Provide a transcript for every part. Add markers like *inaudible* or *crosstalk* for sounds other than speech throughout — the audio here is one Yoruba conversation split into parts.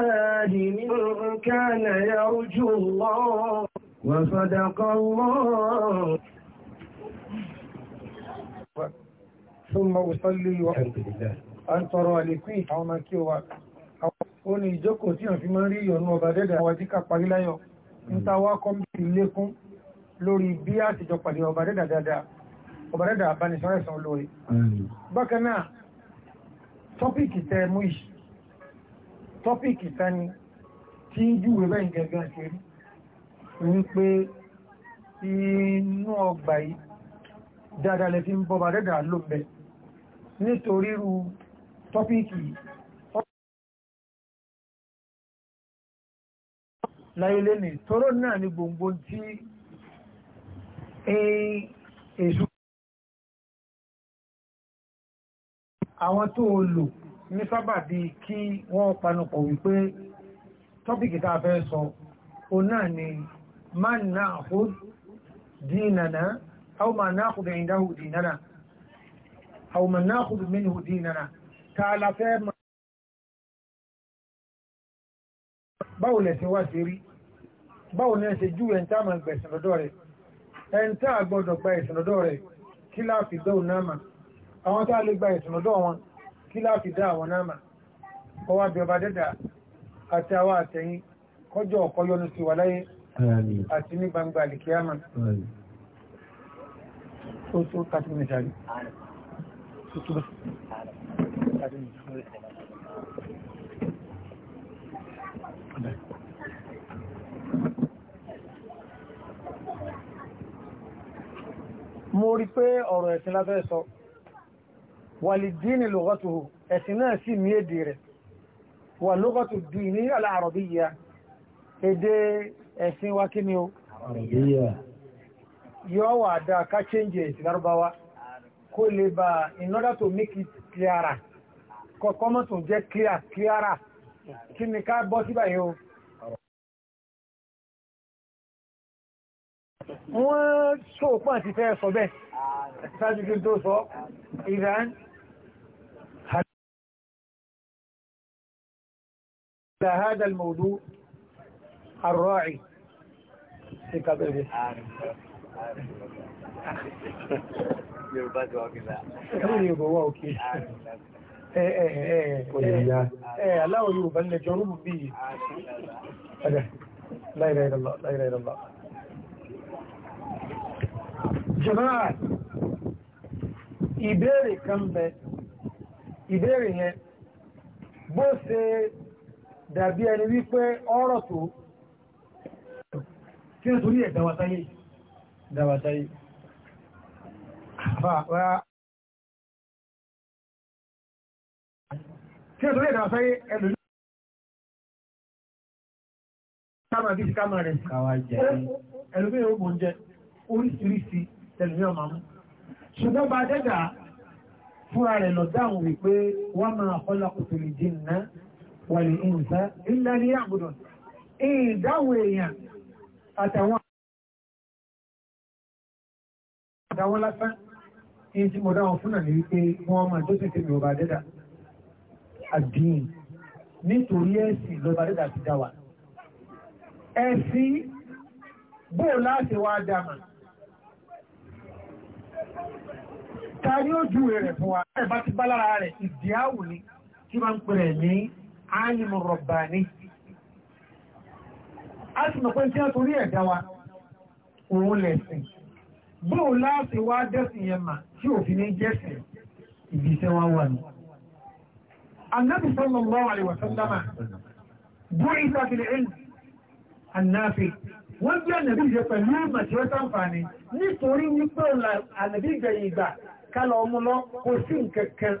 العباد من كان يرجو الله وصدق الله ثم أصلي والحمد لله أن ترى لكي حومك ó ní ìjókòó tí wọ́n fi máa ń rí ìyọ̀nú ọba dẹ́dẹ̀ àwọn jíkà parí láyọ̀ ń ta wá kọ́ bí lékún lórí bí a ti jọ pàdé ọba dẹ́dẹ̀ dáadáa ọba dẹ́dẹ̀ abánisọ́rẹ̀sán olóore bákan náà tọ́pìkì tẹ mú ìṣì tọ́pìkì kan ni tí júwe bẹ́ẹ̀ gẹ̀gẹ́ ṣe rí wípé inú ọgbà yìí dáadáa lè fi ń bọ́bà dẹ́dà ló bẹ̀ nítorí rú tọ́pìkì láyélé ní tọ́rọ náà ní gbogbo tí èṣù àwọn tó lò ní sábà bí kí wọ́n panupọ̀ wípé tọ́pìkì tá a fẹ́ sọ o náà ni man na'khud dínana aw ma na'khud indahu dínana aw ma na'khud minhu dínana tààlà fẹ́ mọ́ báwo lẹ̀ sí wá sí rí báwo ní ẹ̀ṣẹ̀ jú ẹ̀ntá ma gbẹ̀ ìsìnlọ́dọ̀ rẹ̀ ẹ̀ntá kí láàfi dọ́ọ̀ kí láti dá àwọn náà mà kọ́ wá bí ọba dẹ́dà àti àwọn àtẹ̀yìn kọjọ ọ̀kọ́ yọnu sí wà láyé àti ní gbangba àlìkíyàmà mo rí pé ọ̀rọ̀ ẹ̀sìn lábẹ́ sọ وللدين لغته أثناثي ميدير ولغة الدين العربية إدي أثن وكنيو عربية يوى داكا changes لاربوا كل با in order to make it clearer kọ̀kọ́mọ́ tún jẹ́ clear clearer kí ni ká bọ́ síbà yóò wọ́n sóòpọ̀ àti fẹ́ sọ bẹ́ẹ̀ ṣáájú kí n tó sọ Iran على هذا الموضوع الراعي في قبره ان إيه، إيه، إيه، جنوب لا اله الا الله لا اله الا الله جماعه ìbéèrè kan bẹ ìbéèrè dàbí ẹni wípé ọ̀rọ̀ tó kí n torí ẹ̀ dáwàtáyé dáwàtáyé kí n torí ẹ̀ dáwàtáyé ẹlò ní káàmà bí i káàmà rẹ̀ ẹlòmí ìrògbò oúnjẹ oríṣiríṣi tẹ̀lùmí ọmọ mú ṣùgbọ́n bá dẹ́gbà fúnra rẹ̀ lọ dáhùn wípé wọ́n máa kọ́lá kòtò lè náà wàlì ìǹsá ilẹ̀ ní àbùdọ̀ ìdáwò èèyàn àtàwọn àtàwọn lásán in ti mọ̀dá wọn fúnà ní wípé wọ́n máa tó sì tèmi ọba dẹ́dà àdín nítorí ẹ̀sìn lọ́ba dẹ́dà ti dá ta ni ó rẹ̀ fún wa ẹ̀ ti bá lára rẹ̀ ìdíáwò ni tí máa ń pẹ̀rẹ̀ ní alimu rọ̀bàní a sì mọ̀ pé tí a torí ẹ̀dá wa òun lẹ̀sìn bóò láti wá dẹ́sìn yẹn mà tí òfin ní jẹ́sìn ibi iṣẹ́ wọn wà ní annabi sallallahu alaihi wasallama bó isa fi lè ẹ̀lì annafi wọ́n bí ànàbí ìjẹ kálọ̀ ọmọ lọ kò sí nkẹ̀kẹ́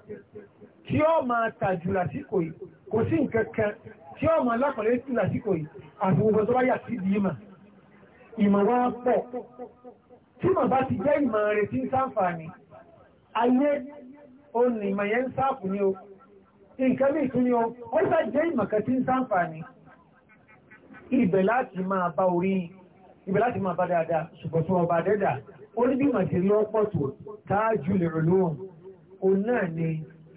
tí ó máa tàjù lásìkò yìí kò sí nǹkan kan tí ọmọ alákọ̀ọ́lẹ́ tí lásìkò yìí àti gbogbo tó bá yà sí di ìmọ̀ ìmọ̀ wá pọ̀ tí mọ̀ bá ti jẹ́ ìmọ̀ rẹ̀ tí ń sáǹfààní ayé òní ìmọ̀ yẹn ń sáàpù ní o nǹkan mí tún ní o ó sá jẹ́ ìmọ̀ kan tí ń sáǹfààní ibẹ̀ láti máa bá orí ibẹ̀ láti máa bá dáadáa ṣùgbọ́n tí wọ́n bá dẹ́dà ó ní bí màtírí ọ̀pọ̀ tó táájú lè rò lóhùn òun náà ni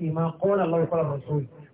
ìmọ̀ kọ́ra lọ́wọ́ fọ́lọ́rọ̀ sóyìí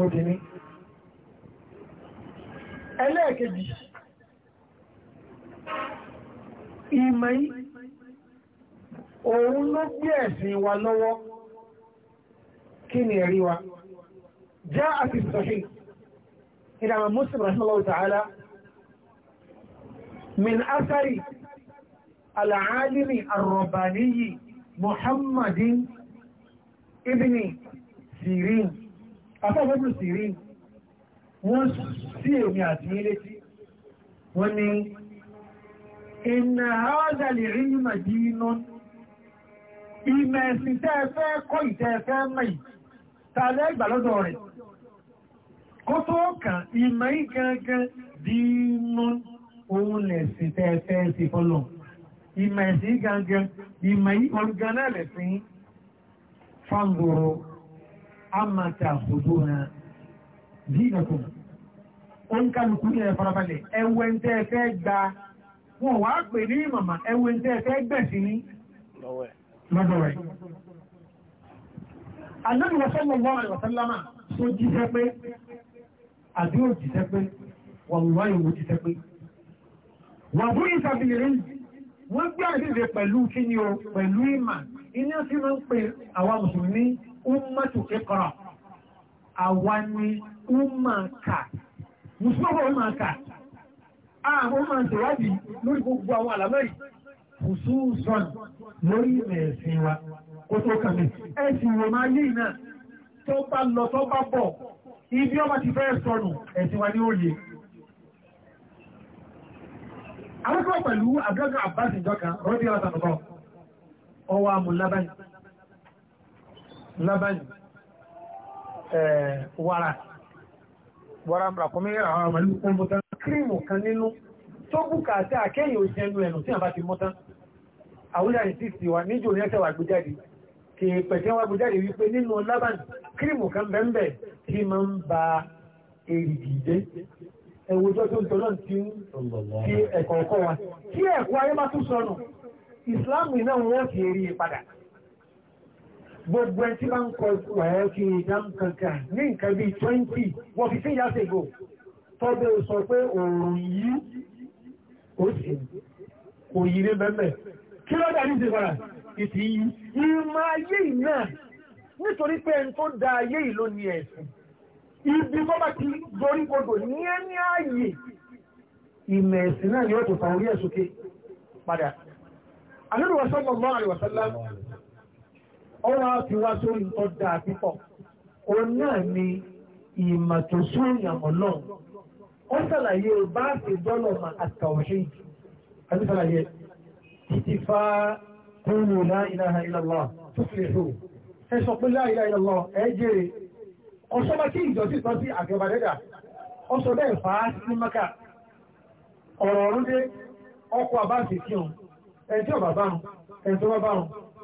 òdì ní ẹlẹ́ẹ̀kejì ìmọ̀ yí òun ló gbé ẹ̀sìn wa lọ́wọ́ kí ni ẹ̀rí wa jẹ́ àti sọ̀hìn ìdàmà muslim rahimahullahu ta'ala min asari al'alimi arrabaniyi muhammadin ibni sirin afọ́gbọ́gbọ́ sì rí wọ́n sí èmi àti ilé tí wọ́n ni ìnà àwọ́dàlì rí ní màdínú ìmẹ̀ ẹ̀sìn tẹ́ẹ̀fẹ́ kọ́ ìtẹ́ẹ̀fẹ́ mẹ́yìn tààlẹ́ ìgbàlọ́dọ̀ rẹ̀ kó tó kàn ìmẹ̀ ìgangan dínú ohun lẹ̀sìn tẹ́ẹ̀fẹ́ sí fọ́lọ̀ ìmẹ̀ ẹ̀sìn gangan ìmẹ̀ ìgbàlọ́dọ̀ rẹ̀ fún fáńdòrò amma ta huduna dinakum ó ń kálukú ní ẹ̀fọ́rabalẹ̀ ẹwẹ́ ń tẹ́ ẹ fẹ́ gba wọn wá pè ní màmá ẹwẹ́ ń tẹ́ ẹ fẹ́ gbẹ̀sí ní lọ́dọ̀ rẹ̀. Ànábì sallallahu alaihi wa sallam tó jíṣẹ́ pé àbí ò jíṣẹ́ pé wàlúwà ìwò jíṣẹ́ pé. Wà fún ìsàbìlì wọ́n gbé àdìrẹ pẹ̀lú kíni o pẹ̀lú ìmà iná sí máa pe àwa mùsùlùmí ummatu iqra àwani ummaka musulmi ummaka àwọn ọmọ ìṣèwádìí lórí gbogbo àwọn àlàmẹ́rì khususan lórí ẹ̀sìn wa kó tó kàmì ẹ̀sìn wọ máa yìí náà tó bá lọ tó bá bọ̀ ibi ọba ti fẹ́ sọnù ẹ̀sìn wa ní òye àwọn pẹ̀lú àgbẹ́gbẹ́ àbáṣìjọ́ kan rọ́dí ọ̀tàbọ̀ ọwọ́ amúlábáyìí labani eh, wàrà wàrà ràkúnmí àwọn àmàlú ọmọdé kírìmù kan nínú tó bùkátà àkẹ́yìn òṣèlú ẹnu tí a bá ti mọ́tán àwúlà ìsìsì wà níjò ní ẹ́tẹ̀wà gbójáde kì í pẹ̀tẹ́ wà gbójáde wípé nínú labani kírìmù kan bẹ́ẹ̀ tí ma ń ba èrìgì jẹ́ tó ń tọ́lọ́ tí ìsìláàmù náà wọ́n ti rí padà gbogbo ẹ tí bá ń kọ ikú ẹ̀ kí ìdáhùn kankan ní nǹkan bíi twenty wọ́n fi fíyà ṣègò tọ́bẹ̀ sọ pé òòrùn yìí ó sì kò yí ní bẹ́ẹ̀ kí lọ́dà ní ti padà ìtì yìí ìmọ̀ ayé yìí náà nítorí pé ẹni tó da ayé yìí ló ní ẹ̀sìn ibi tó bá ti dorí kodò ní ẹni ààyè ìmọ̀ ẹ̀sìn náà yóò tó fa ó wá fi wá sórí tó dáa pípọ̀ òun náà ni ìmọ̀ tó sún ìyàmọ̀ náà ó ṣàlàyé bá ti dọ́lọ̀ mà àtàwọ̀ṣe àti ṣàlàyé títí fa kúrò la ilaha illallah tó fi hù ẹ sọ pé la ilaha illallah ẹ jèrè ọ̀ṣọ́bá kí ìjọsí tọ́ sí àgbẹ̀bàdẹ́dà ọ̀ṣọ́ bẹ́ẹ̀ fà á sí maka ọ̀rọ̀ ọ̀rún dé ọkọ̀ àbáṣe kí ọ̀n ẹ̀ tí ọ̀bà bá ń ẹ̀ tó bá bá ń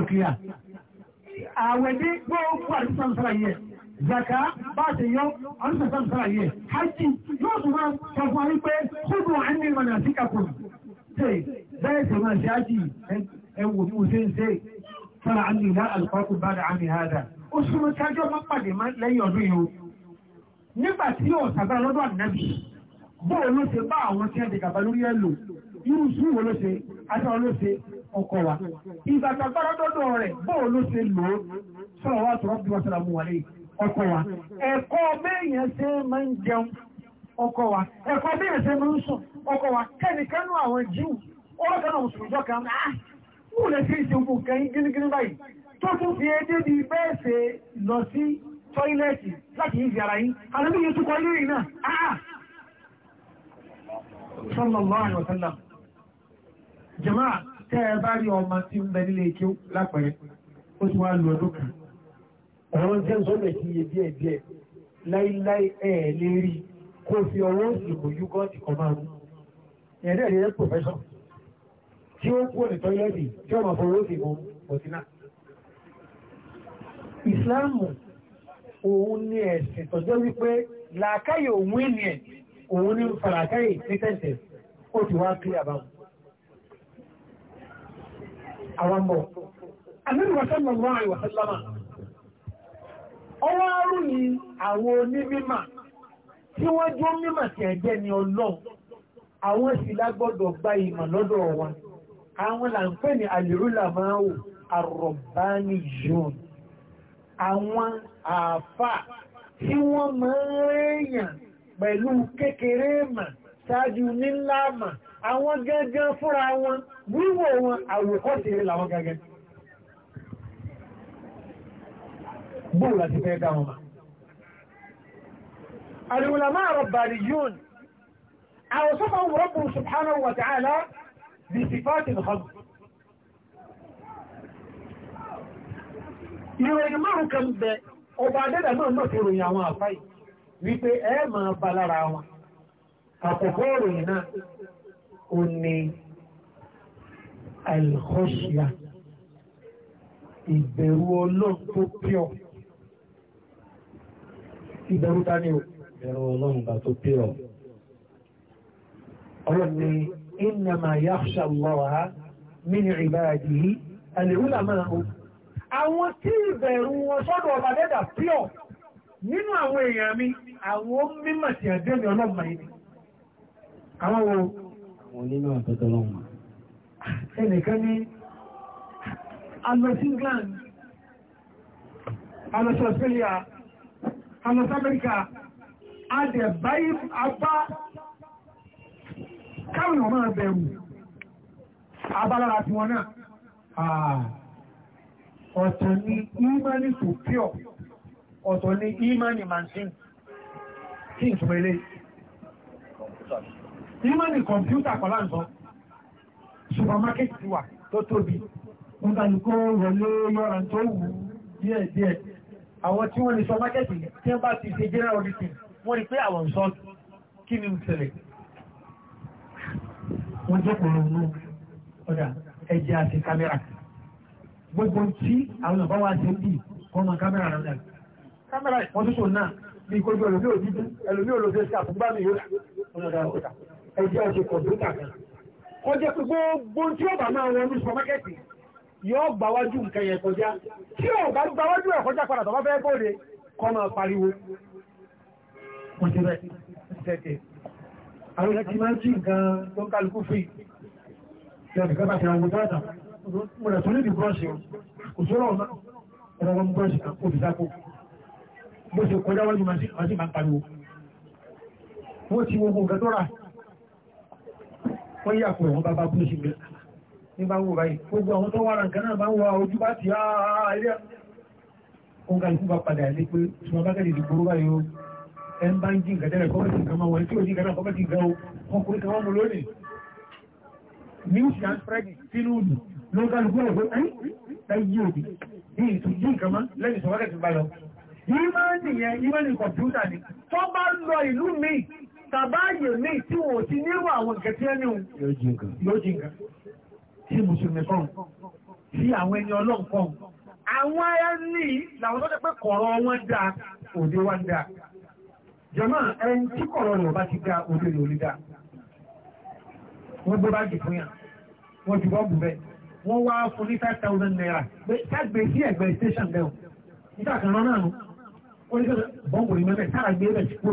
òkèyà àwẹ̀ ní gbogbo àrísàn sára yẹ zaka bá ṣe yọ àrísàn sára yẹ hajji yóò tún máa sọ fún àrí pé kúrò àní ìmọ̀nà sí kàkùn tẹ́ bẹ́ẹ̀ tẹ́ máa ṣe hajji ẹwò bí mo ṣe ń ṣe sára àní ìlà alùpàkù bá da àmì hàdà ó súnmọ́ kájọ́ máa pàdé lẹ́yìn ọdún yìí nígbà tí yóò sàgbà lọ́dọ̀ ànábì bóòlù ṣe bá àwọn tí wọ́n ti gàba lórí ẹ̀lò irú sùúrù ló ọkọ wa ìgbàgbàgbára dọ́dọ̀ rẹ̀ bóò ló ṣe lò ó sọ̀rọ̀ wá sọ̀rọ̀ bí wọ́n sọ̀rọ̀ mú wọlé ọkọ wa ẹ̀kọ́ béèyàn ṣe máa ń jẹun ọkọ wa ẹ̀kọ́ béèyàn ṣe máa ń sùn ọkọ wa kẹ́nìkanú àwọn jíù ọlọ́kan náà mùsùlùmí jọ kan áá mú lè fi ṣe ogun kẹyìn gínígíní báyìí tó tún fi edé bí bẹ́ẹ̀ ṣe ah, ah. sallallahu alaihi wasallam jama'a tẹ́ ẹ bá rí ọmọ tí ń bẹ nílé ikú lápẹ̀rẹ̀ ó ti wá lu ọdún kan. àwọn jẹ́ sọ́lẹ̀ ti yẹ díẹ̀ díẹ̀ láíláí ẹ̀ lè rí kó fi ọwọ́ ìlú yúgọ́ọ̀tì kan máa mú. ẹ̀rẹ́ ẹ̀rẹ́ pòfẹ́sọ̀ tí ó kú òní tọ́lẹ́ẹ̀dì tí ọmọ fọwọ́ sí mú ọ̀tínà. ìsìláàmù òun ni ẹ̀sìn tọ́jọ́ wípé làákàyè òun ènìyàn òun ní fàlàkàyè ní tẹ̀sẹ̀ ó ti wá kí àbámu àwọn bọ̀. Àmìrì wàsánà wọ́n àìwà sálámà. Ọwọ́ arú ni àwọn onímímà tí wọ́n jó mímà tí ẹ̀jẹ́ ni ọlọ́run. Àwọn sì lágbọ́dọ̀ gba ìmọ̀ lọ́dọ̀ wa. Àwọn là ń pè ní àlèrúlà máa wò àrọ̀báni yòn. Àwọn àfà tí wọ́n máa ń rèèyàn pẹ̀lú kékeré mà ṣáájú nílá mà àwọn gangan fúnra wọn wíwò wọn àwòkọ́ sí ilé làwọn gangan bóò láti fẹ́ dá wọn alìwòlàmá àrọ̀bàrí yún àwọn sọ́fà wọ́pùn subhanahu wa ta'ala bí sifatin hàn ìròyìn márùn kan bẹ ọba adẹ́dà náà náà fi ròyìn àwọn àfáì wípé ẹ máa balára wọn àkọ́kọ́ ròyìn náà ó ní alkhosya ìbẹ̀rù ọlọ́run tó pure ìbẹ̀rù ta ni o ìbẹ̀rù ọlọ́run bá tó pure ọlọ́run ni innama yakhsha Allaha min ibadihi al-ulama àwọn tí ìbẹ̀rù wọn sọ́dọ̀ ọba dẹ́dà pure nínú àwọn èèyàn mi àwọn mímọ̀ tí àdéhùn ọlọ́run yìí àwọn wo òun nínú àtọ́tọ́ lọ́wọ́ ẹnìkan ní alọ́sí England alọ́sí Australia alọ́sí America adẹ̀ báyìí apá káwọn ọmọ bẹ̀rù abálára tí wọn náà ọ̀tọ̀ ni ìmánì tó píọ̀ ọ̀tọ̀ ni ìmánì màṣín kí n túnmọ̀ ìmọ̀nì kọ̀mpútà kọ̀ láǹsọ supermarket ti wà tó tóbi wọ́n tàbí kó wọlé yọ́ra tó wù díẹ̀ díẹ̀ àwọn tí wọ́n ní supermarket tí wọ́n bá ti ṣe general auditing wọ́n rí pé àwọn sọ kí ni ìṣẹ̀lẹ̀ wọ́n jẹ́ kòrò mú ọ̀dà ẹ̀jẹ̀ àti kámẹ́rà gbogbo tí àwọn ọ̀bá wa ṣe bí wọ́n mọ kámẹ́rà rẹ̀ dà kámẹ́rà wọ́n tó ṣò náà bí kojú ẹlòmí òdìdú ẹlòmí òlòfẹ́ sí àfúgbàmì yóò ẹjẹ́ ọ̀ṣẹ̀ kọ̀ǹpútà kan kó jẹ́ pé gbogbo tí ó bá máa wọn ní supermarketi yóò gbáwájú nǹkan yẹn kọjá tí ó bá gbáwájú ẹ̀ kọjá padà tó bá fẹ́ bóde kọ́ máa pariwo àwọn ẹ̀kí máa ń jí nǹkan tó ń kálukú fún ìjọba ìgbàgbà ti àwọn ọmọdé mo rẹ̀ tó níbi bọ́ọ̀ṣì o kò tó rọ̀ ọ̀rọ̀ wọn bọ́ọ̀ṣì kan kó fi sáko bó ṣe kọjá wájú máa sì máa ń pariwo wọ́n ti wo gbogbo nǹkan tó rà wọ́n yà pọ̀ ẹ̀wọ̀n bàbá búrú sí mi ní bá ń wò báyìí gbogbo àwọn tó wára nǹkan náà bá ń wà ojú bá ti ààrẹ ah, ah, ó ń ga ikú bá padà ilé pé tí wọ́n bá gẹ́lẹ̀ ìdìbò rúbá yóò ẹ ń bá news and spread sínú ìlú ló ń ga ikú rẹ̀ pé ẹ́ láyé òbí ní ìtújú nǹkan máa lẹ́yìn ìṣọ̀wọ́kẹ̀ ti bá lọ. ni tó bá lọ ìlú míì tàbáyè ní tí wọ́n ti nírò àwọn nǹkan ẹni òun yóò mùsùlùmí kan sí àwọn ẹni ọlọ́run kan àwọn ẹni làwọn tọ́jọ́ pé kọ̀rọ̀ wọn dá òde wa dá jọmọ́ ẹni tí kọ̀rọ̀ rẹ̀ bá ti dá òde rẹ̀ dá wọ́n gbé báàgì fún yàn wọ́n ti bọ́ọ̀bù bẹ́ẹ̀ wọ́n wá fún ní five naira pé sí ẹ̀gbẹ́ station bẹ́ẹ̀ o nígbà náà ó ní bọ́ọ̀bù rí mẹ́fẹ̀ẹ́ sára gbé bẹ́ẹ̀ sí kúrò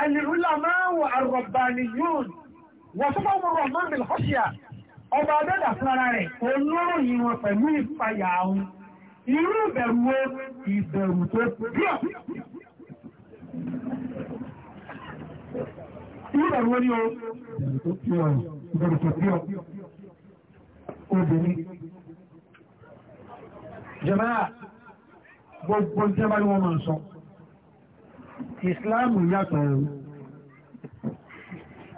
alìrúlámáwò àrọ̀bàní yóò wọ́n tó bá mọ́ rọ̀mọ́n bí lọ́ṣíà ọba adẹ́dà fún ara rẹ̀ olóròyìn wọn pẹ̀lú ìpayà àwọn irú ìbẹ̀rù wo ìbẹ̀rù tó píọ̀ ìbẹ̀rù wo ni o ìbẹ̀rù tó píọ̀ obìnrin jẹ́mọ́ gbogbo jẹ́mọ́ ni wọ́n máa sọ ìsìláàmù yàtọ̀ ẹ̀rù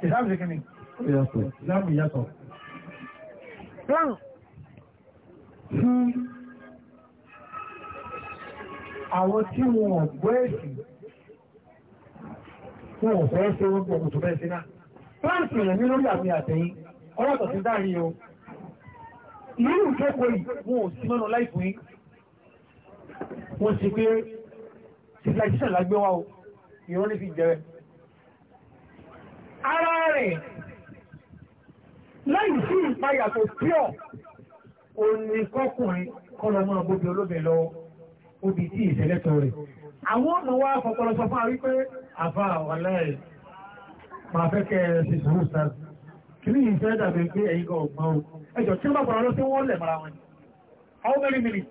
ìsìláàmù ìkíní yàtọ̀ ìsìláàmù yàtọ̀ rán fún àwọn tí wọn ọ̀gbọ́ ẹ̀sì fún ọ̀fẹ́ ṣe wọ́n pọ̀ kò tó bẹ́ẹ̀ sí náà fáǹsì rẹ̀ ní lórí àmì àtẹ̀yìn ọlọ́tọ̀ sí dáàrin o ìlú ìkẹ́kọ̀ọ́ yìí wọn ò sí mẹ́nu láìpù yìí wọ́n ti pé civilization lágbé wá o ìrún ní fi jẹ́rẹ́ ara rẹ̀ láì sí ìpayà tó pure òní kọkùnrin kọlọ mọ́ bóbi olóbìn lọ obì tí ìṣẹ̀lẹ̀tọ̀ rẹ̀ àwọn ọmọ wa fọpọlọ sọ fún wípé àfà wàláì máa fẹ́ kẹ́ ṣe sùúrù sáà kí ní ìfẹ́ dàbí pé ẹ̀yìn kan ọ̀gbọ́n ẹjọ́ tí wọ́n bá pọ̀lọ́ sí wọ́n lẹ̀ mara wọn ni how many minutes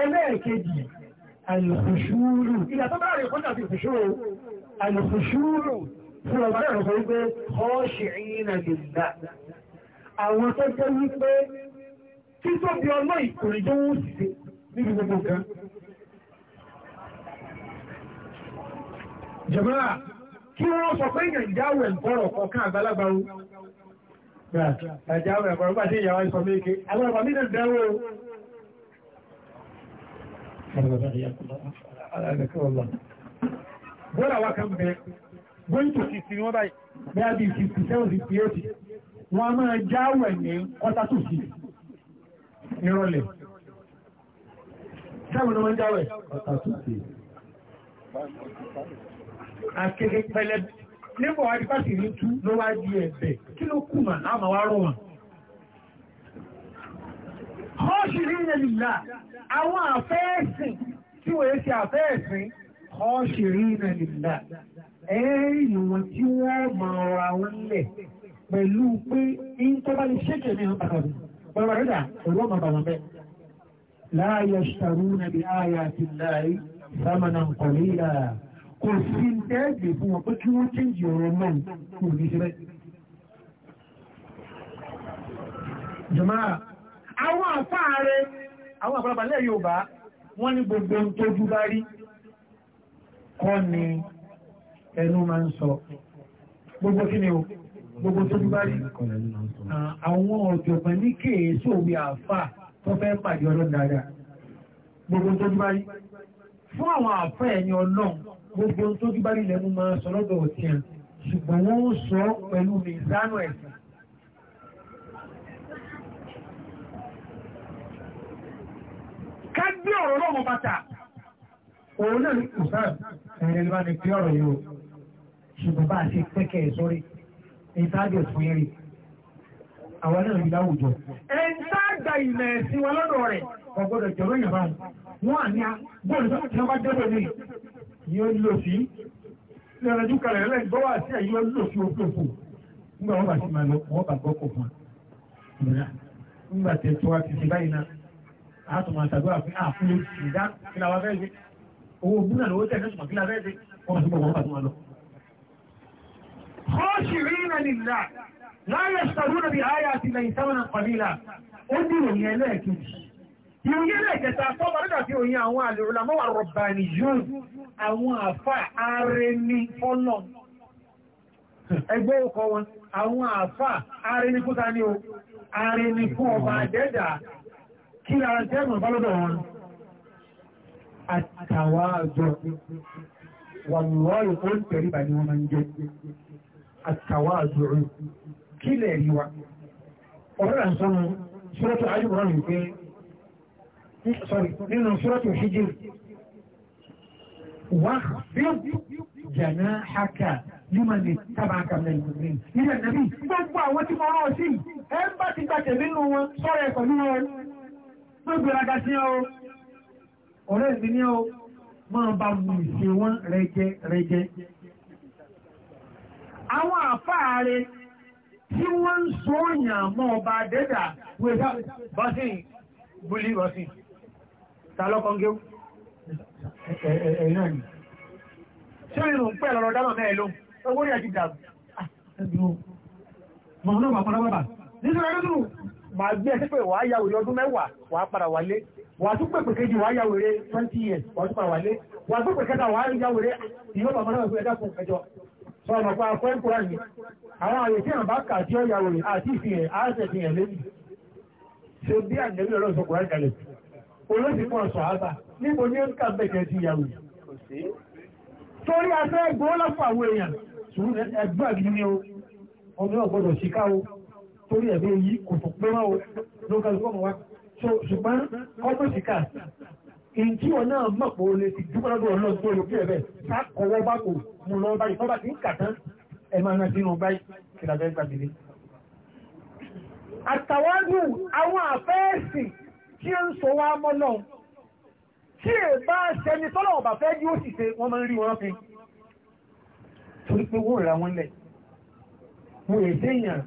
ẹlẹ́ẹ̀kejì àlùkùṣúrù ìyàtọ̀ bá rẹ̀ kọ́nà àti ìkùṣúrù àlùkùṣúrù fún ọba rẹ̀ sọ wípé ọ́ṣì ìyìn àgbègbà àwọn tó jẹ́ wípé títóbi ọlọ́ ìkùnrin jẹ́ wọ́n sì níbi gbogbo kan jẹ̀mọ́ra kí wọ́n sọ pé èèyàn jáwẹ̀ bọ́rọ̀ kọ̀ọ̀kan àgbàlagbà bọ́lá wa kan bẹ gbóyìntò sí sí wọ́n báyìí bẹ́ẹ̀ bí fifty seven fifty eight wọ́n máa jáwẹ̀ ní kọ́tà tó sí nírọ̀lẹ̀ sáwọn ló máa ń jáwẹ̀ kọ́tà tó sí akéde pẹlẹ nígbà wá di pàṣẹ ní tú ló wá di ẹ̀bẹ̀ kí ló kù mà láàmà wá rọ̀ wọn khashi'ina lillah àwọn àfẹ́ẹ̀sìn tí wọ́n ṣe àfẹ́ẹ̀sìn khashi'ina lillah ẹ̀ẹ́rìn wọn tí wọ́n máa ra wọn lẹ̀ pẹ̀lú pé in tó bá lè ṣékè ní ọ̀n pàtàkì pẹ̀lú àrídà àwọn àfáàrẹ àwọn àpàlàpà lẹ́ Yorùbá wọ́n ní gbogbo tójú bá rí kọ́ ni ẹnu máa ń sọ gbogbo kí ni o gbogbo tójú bá rí àwọn ọ̀jọ̀gbọ́n ní kéèsì òwe àfà tó fẹ́ pàdé ọlọ́run dáadáa gbogbo tójú bá rí fún àwọn àfà ẹ̀yìn ọlọ́run gbogbo tójú bá rí lẹ́nu máa sọ lọ́dọ̀ ọ̀tíyàn ṣùgbọ́n wọ́n sọ pẹ̀lú mìzánù ẹ̀sìn ká gbé ọ̀rọ̀ lọ́wọ́ òun náà ní ẹ̀rẹ́ ló bá ní pé ọ̀rọ̀ o ṣùgbọ́n bá a ṣe pẹ́kẹ́ ẹ̀ sọ́rí ìtajà fún yẹn rí àwọn náà rí láwùjọ. ń tá àgbà ìmọ̀ ẹ̀sìn lọ́dọ̀ rẹ̀ ọgbọ́dọ̀ jọ̀rọ̀ yàrá wọn àní tó ti wá lò sí kalẹ̀ lẹ́yìn ẹ̀yìn lò sí ojú nígbà wọn bá àtùmọ̀ àtàgbà fún àfúlé ìdá kíláwà fẹ́ ṣe owó búnà lówó tẹ̀ lọ́sùmọ̀ kíláwà fẹ́ ṣe wọ́n sì gbọ̀wọ́ pàtó wọn lọ. Khashi'ina lillah la yashtaruna bi ayati àwọn àfà arẹni fọ́lọ̀. Ẹgbẹ́ ní o, arẹni fún ọba àdẹ́dà kí ara tẹ́ mọ̀ bá lọ́dọ̀ wọn àtàwà àjọ wàlúwàlù ó ń tẹ̀rí bà ní wọn máa ń jẹ́ àtàwà àjọ rẹ̀ kí lẹ̀ rí wa ọ̀rọ̀ à ń sọnù pé sorry nínú sọ́rọ́tù hijir wà fíìm jẹ̀nà haka níma ní gbogbo ìraga sí ọ ọ̀rẹ́ mi ní ọ máa bá mú ìṣe wọn rẹjẹ rẹjẹ àwọn àfáàrẹ tí wọ́n ń sọ òyìn àmọ́ ọba dẹ́dà wẹ́dà bọ́sìn búlí bọ́sìn tàlọ́kọ́ngé ẹ̀yìn àmì tí ó rìnrìn pẹ́ lọ́rọ̀ dámà mẹ́ẹ̀ lóhun owó rí àjíjà ẹgbẹ̀rún mọ̀mọ́ náà bàbá máa gbé ẹ́ pé wàá yàwó lọ́dún mẹ́wàá wàá padà wálé wàá tún pèpè kejì wàá yàwó rẹ̀ twenty years wàá tún padà wálé wàá tún pèpè kẹta wàá yàwó rẹ̀ ìyó bàbá náà fún ẹ̀dá fún ẹjọ́ sọ ọ̀nà pa fẹ́ǹkúrà ni àwọn àyè tí àbá kà tí ó yàwó rẹ̀ àti ìfihàn àṣẹ ti hàn lẹ́yìn ṣe bí àgbẹ̀bí ọlọ́sọ kò rẹ̀ kalẹ̀ olóṣìkò ọ̀sọ̀ àbá níbo ní ó ń kà bẹ̀kẹ̀ ti yàwó torí afẹ́ gbọ́ lápò àwọn èèyàn ṣùgbọ́n ẹgbẹ́ àgbẹ̀ ni ó ọmọ ọgbọ́dọ̀ ṣìkà ó torí ẹ̀mí èyí kò tó pé o ló kàlù fọ́ọ̀mù wa so ṣùgbọ́n ọ́fíìsì kà ìjì wọn náà mọ̀ pé o lè ti dúpẹ́ lọ́dọ̀ ọlọ́run tó yọkí ẹ̀bẹ̀ ká kọwọ́ bá kò mú lọ báyìí tọ́ba ti ń kà tán ẹ̀ máa ná sínú báyìí kìlàbẹ́ gbàgbére. àtàwádù àwọn àfẹ́ẹ̀sì tí ó ń sọ wá mọ́ náà tí è bá ṣẹni tọ́lọ̀ ọ̀bà fẹ́ yóò sì ṣe wọ́n máa ń rí wọn fi torí pé wọ́n ra wọn lẹ̀ wọ́n èdè èèyàn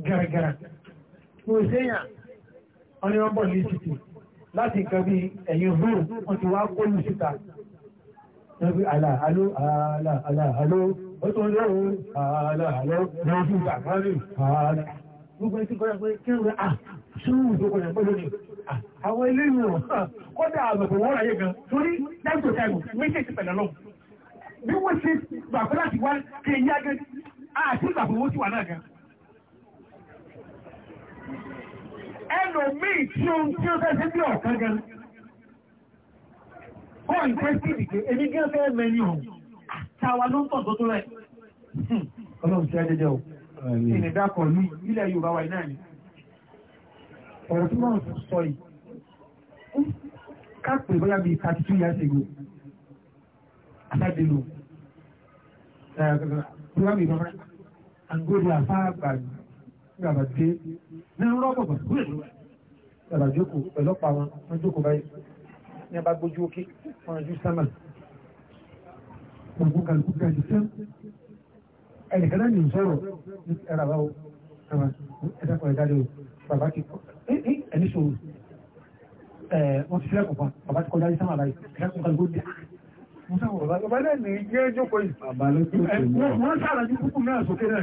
gàràgàrà kò séyàn wọn ni wọ́n bọ̀ ní ìsìtì láti nǹkan bí ẹ̀yìn hù wọ́n ti wá kó ní síta lọ́bí àlà àlọ́ àlà àlà àlọ́ ó tó ń lọ́wọ́ àlà àlọ́ lọ́wọ́ sí ìgbà kan rí àlà gbogbo ẹtí kọjá pé kí ló à sùúrù tó kọjá pé lónìí àwọn ilé ìwọ̀n kọjá àbẹ̀kọ̀ wọ́n ráyè gan torí dájú táìmù méjèèjì pẹ̀lẹ́ lọ́wọ́ bí wọ́n ṣe gbàgbọ́ láti wá kéèyàn gẹ́gẹ́ àti gbàgbọ́ wọ́n ti wà náà gan ẹlòmíì tí ohun tí ó fẹ́ sí bí ọ̀kan gan fún ìpẹ́ sí ìdìgbé èmi gẹ́ fẹ́ mẹ́ni ọ̀hún táwa ló ń tọ̀ tó tó rẹ̀ ọlọ́run ti ajẹ́jẹ́ o ìnìdákọ̀ ní ilẹ̀ Yorùbá wa náà ni ọ̀rọ̀ tí wọ́n sọ yìí káàpẹ̀ bóyá bíi thirty two years ago àtàdélo ẹ̀ẹ́dẹ̀gbẹ̀rẹ̀ bóyá bíi bọ́mọ́rẹ́ àǹgóòdì àfáàgbà yìí gbàgbà dé ní rọ́bọ̀ bàbúrẹ̀ gbàgbà jókòó ọlọ́pàá wọn wọ́n jókòó báyìí ní abá gbójú òkè wọn ju sámà gbogbo kàlùkù gàdì sẹ́m ẹnìkan náà ní ìṣòro ní ẹ̀rọ àbáwò ẹ̀dàkọ̀ ẹ̀dàdé o bàbá ti kọ́ ẹni sòrò wọ́n ti fílẹ̀ kọ̀pá bàbá ti kọjá sámà báyìí ẹ̀dàkọ̀ kàlùkù dì Bàbá náà ní ilé jókòó yìí. Bàbá ló tó tó lọ. Wọ́n sára ju kúkú náà sókè náà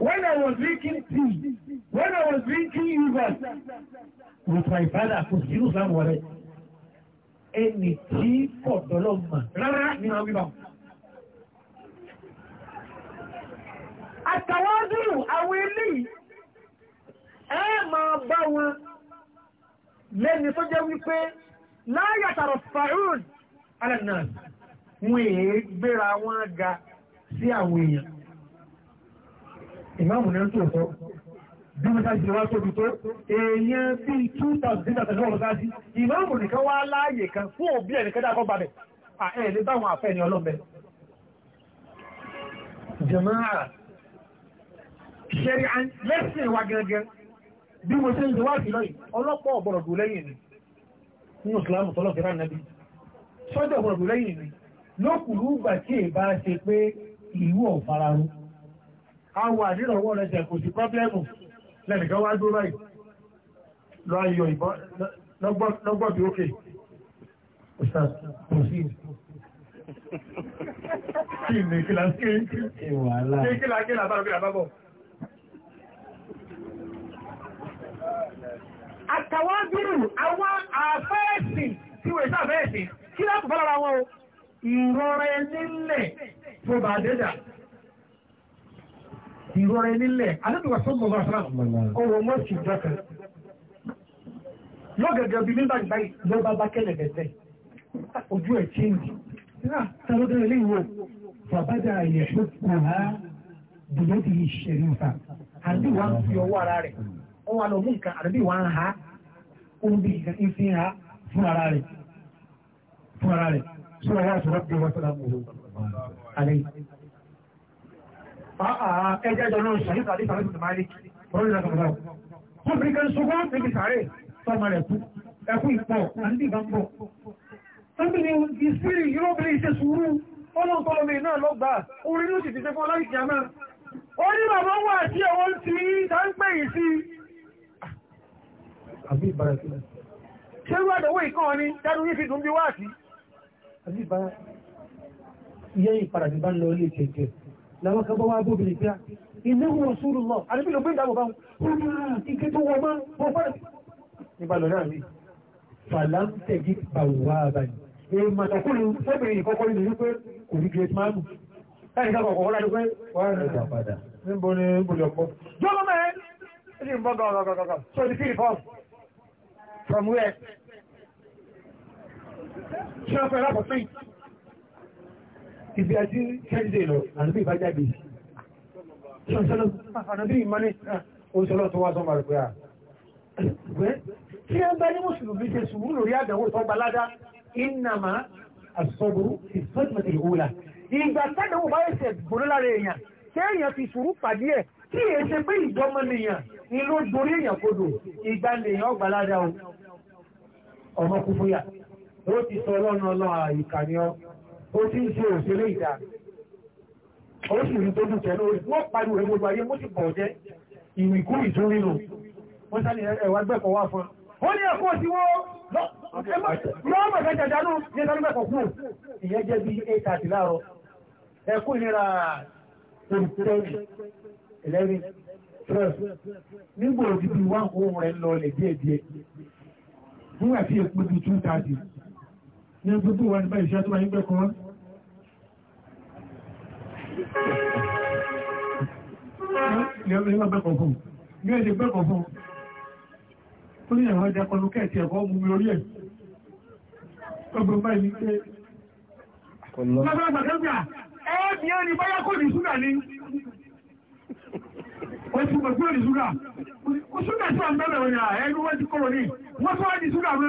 When I was drinking tea, when I was drinking even with my father, kò sí ìrùsà mọ̀ rẹ̀. Ẹni tí kò dọ́lọ́ mọ̀ rárá ní àwọn wíwá. Àtàwọn dúró àwọn eléyìí, ẹ máa bá wọn lẹ́ni tó jẹ́ wípé láyàtàrọ̀ fàírùn alẹ́ náà, wọ́n èé gbéra ìmáàmù náà tó sọ bí mo sáàjì wá tóbi tó èèyàn bí 2000 àtàlẹ́ ọ̀rọ̀ sáàjì ìmáàmù nìkan wá láàyè kan fún òbí ẹ̀ nìkan dákọ́ babẹ̀ àẹ́ lè báwọn àfẹ́ ni ọlọ́mẹ jẹ̀máà ṣẹ́rí lẹ́sìn wa gẹ́gẹ́ bí mo ṣe ń ṣe wá sí lọ́yìn ọlọ́pọ̀ ọ̀gbọ̀rọ̀ dùn lẹ́yìn ni nínú ìsìlámù tọ́lọ̀ fẹ́ràn nàbí sọ́jọ́ ọ̀gbọ̀rọ̀ dùn lẹ́yìn ni lókùlù gbà tí èbá ṣe pé ìwú ọ̀fararú awọ àdírọ̀wọ́ rẹ̀ jẹ́ kò sí pọ́blẹ́mù lẹ́nìkan wá dúró báyìí lọ ayọ̀ ìbọn lọ́gbọ̀bí ókè Àtàwádúrù àwọn àfẹ́ẹ̀sì tí wèé sáfẹ́ẹ̀sì kí láti fọ́lára wọn ìrọrẹ nílẹ̀ tó bà dẹ́dà ìrọ̀rẹ́ nílẹ̀ alẹ́bíwà sọ́gbọ̀n bá sára ọ̀rọ̀ mọ́ sí ìjọ kan lọ́gẹ̀gẹ̀ bí nígbà ìgbà ló bá bá kẹ́lẹ̀ gẹ̀ẹ́sẹ̀ ojú ẹ̀ tí ń di tàlọ́dẹ̀ ilé ìwò fàbádà ayẹ̀ ṣùgbọ́n ha dùdó ti yí ṣẹ̀rí fa àdìwà ń fi ọwọ́ ara rẹ̀ ó wà lọ mú nǹkan àdìwà ń ha ó ń bí nǹkan ìfi ha fún ara rẹ̀ fún ara rẹ̀ sọ́ra wà sọ́ra bí wọ́n sọ́ra mú Ah, ah, ẹjẹ́jọ náà ṣàyí tàbí tàbí tàbí tàbí rọ́lẹ̀ lọ́gbọ̀n tó fi kan ṣogbọ́ níbi sàárẹ̀ tọ́mọ rẹ̀ kú ẹkú ìpọ̀ àndì bá ń bọ̀ tóbi ni ìsírí yóò bẹ̀rẹ̀ iṣẹ́ sùúrù ọlọ́ntọ́lọ́mì náà lọ́gbà orí ló sì ti fẹ́ fún ọlá ìjàmá ó ní bàbá wà tí ẹ̀wọ́ ti dáńpẹ́ yìí sí ṣé wádọ̀wọ́ ìkan ni dánú yìí fi dùn bí wáàtí ìyẹ́ ìparadì bá ń lọ ilé ìtẹ̀jẹ̀ làwọn kan bọ́ wá bó bìrì gbá iná wọn sùúrù lọ àdébí ló gbé ìdáàbò bá wọn ike tó wọ mọ́ wọ́n fẹ́ nígbà lọ náà rí fàlámtẹ̀gì bàwà àbàyè èèyàn màtàkùnrin fẹ́bìnrin ìkọ́kọ́ nínú wípé kò ní great man láti ká kọ̀ọ̀kọ̀ wọ́n láti pé wọ́n rẹ̀ ìgbà ń bọ́ gọ̀ọ̀gọ̀gọ̀gọ̀ so the key form from where ṣé ọkọ̀ ẹ̀rọ ibi àti kẹ́ndé lọ àdúgbò ìbájáde ṣọ́ṣọ́lọ́ àdúgbò ìmọ́lẹ̀ oṣọ́lọ́ tó wá sọ́mà rẹ̀ pé à tí ẹ bá ní mùsùlùmí ṣe sùúrù lórí àdánwò tó gba ládá ìnàmà àṣọ́bùrú ìfọ́jìmọ̀tì ìhùlà ìgbà sádẹ̀wò bá ẹ̀ṣẹ̀ gbòrò lára èèyàn tí èèyàn fi sùúrù pàdé ẹ̀ ni ló dorí èèyàn kodò ìgbà nìyàn ọgbà ládá o ọmọ ó ti ń ṣe òṣèlé ìdá ó sì rí tó dùn tẹ́lú orí wọ́n pariwo rẹ̀ gbogbo ayé mú sí bọ̀ jẹ́ ìwìkú ìtúrínù wọ́n sáré ẹ̀wà gbẹ́kọ̀ wá fún ó ní ẹ̀kọ́ sí wọ́n lọ́wọ́ mọ̀fẹ́ jàjánú ní ẹ̀sán gbẹ́kọ̀ kú ìyẹn jẹ́ bí 8:30 láàárọ̀ ẹkú ìnira olùkúrẹ́rì 11 12 nígbò òdìdí wá ohun rẹ̀ lọ lè díẹ̀díẹ̀ nígbà tí èpò di 2:30 ní gbogbo wà nípa ìṣẹ́ tó wà nígbẹ́ kan wọ́n ní ọmọ ìwọ̀n bẹ́kọ̀ fún ní ẹ̀dẹ̀ bẹ́kọ̀ fún ó ní ẹ̀wọ̀n ẹ̀dẹ̀ kọlu kẹ́ẹ̀tì ẹ̀kọ́ mú mi orí ẹ̀ ọgbọ̀n báyìí ní pé lọ́gbọ́n àgbàkẹ́gbà ẹ̀ẹ́bì ó ní báyá kò ní ṣúgà ní ó ti mọ̀ sí ó ní ṣúgà ó ṣúgà sí àmì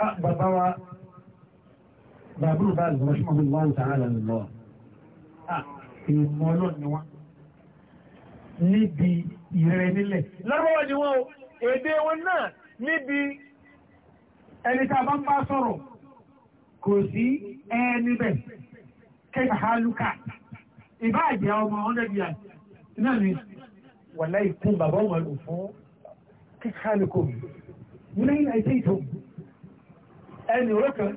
Ah, bàbá wa bàbúrò bá lè mọ́ṣúmọ́ bí wọ́n tàn án lọ ah, ìmọ̀ ọlọ́run ni wọ́n níbi ìrẹ nílẹ̀ lọ́wọ́ ni wọ́n èdè wọn náà níbi ẹni tá a bá ń bá sọ̀rọ̀ kò sí ẹni bẹ̀ kẹ́kà hálùkà ìbá àjẹ́ ọmọ hundred years náà ni wàlá ìkún bàbá wọn lò fún kíkálùkù ní àìsí ìtòkù ẹni òwe kan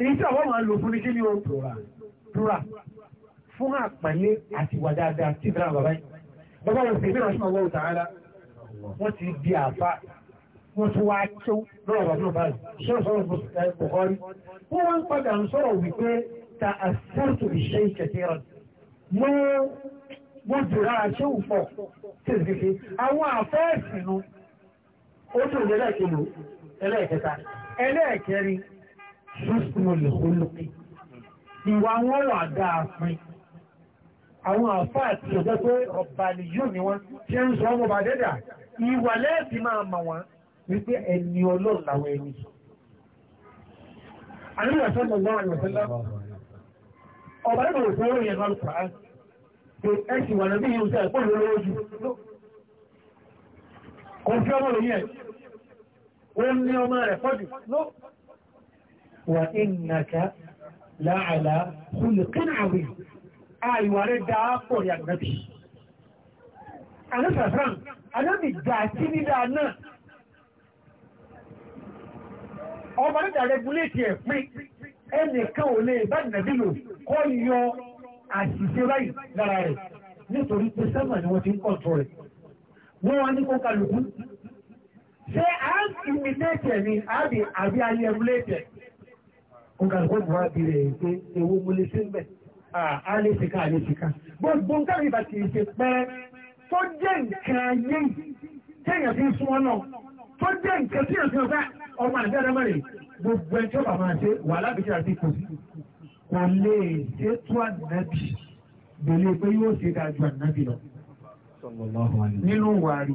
èyí tí àwọn máa lò fún ní kí ni o plural fún àpẹẹlẹ àti ìwà dáadáa tí ìfẹ́ràn bàbá yìí bàbá wọn sì ní ọ̀ṣun ọwọ́ òtàrà wọ́n ti di àfá wọ́n tún wá tó lọ́rọ̀ bàbá náà báyìí sọ̀rọ̀ mo jòrá aṣẹ́ òfò tèzìkì àwọn àfẹ́ẹ̀sì nu ó dùn ẹlẹ́ẹ̀kẹta ẹlẹ́ẹ̀kẹrin ṣúṣùmọ̀lù olùkí ìwà wọn wà dáàfin àwọn àfáà àti ọjọ́ pé ọba ni yóò ní wọn tí ń sọ ọmọ bàdẹ́dà ìwà lẹ́ẹ̀sì máa mà wọn wípé ẹni ọlọ́run làwọn ẹni ọba nígbà òfin orí ẹ̀rọ alùpàá ẹ̀sìn wà nàbí yìí ń sẹ́ ẹ̀pọ̀ ìwọ̀n lọ́wọ́ jù kò fi ọmọ lòyìn ẹ̀ ó ní ọmọ rẹ̀ pọ̀jù ló wà ìnàkà láàlá hulùkín àwì àìwà rẹ̀ dáàpọ̀ yàgbẹ́bì àlẹ́sàfrán alẹ́bì dàtí nídà náà ọba nídà rẹ̀gúlétì ẹ̀ pín ẹnìkan ò lè bá nàbí lò kọ́ yọ àṣìṣe báyìí lára rẹ̀ nítorí pé sẹ́mà ni wọ́n ti ń kọ̀ọ̀tọ̀ rẹ̀ wọ́n wá ní kó kálukú ṣé a imitate ni àbí àbí ayé emulate ó ga ìgbọ́n bùhá bí rẹ̀ pé ewu múlé sí mbẹ̀ a lè ṣìkà a lè ṣìkà gbogbo nǹkan ìbà ti ṣe pẹ́ tó jẹ́ nǹkan ayé téèyàn fi súnmọ́ náà tó jẹ́ nǹkan tí èèyàn fi ọmọ àti ẹ̀dẹ́mẹ́rin gbogbo ẹjọ́ bàbá ṣe wà lábìṣẹ́ àti kò sí kò lè ṣètò ànábì gbèlè pé yóò ṣe dájú ànábì lọ nínú wàrí.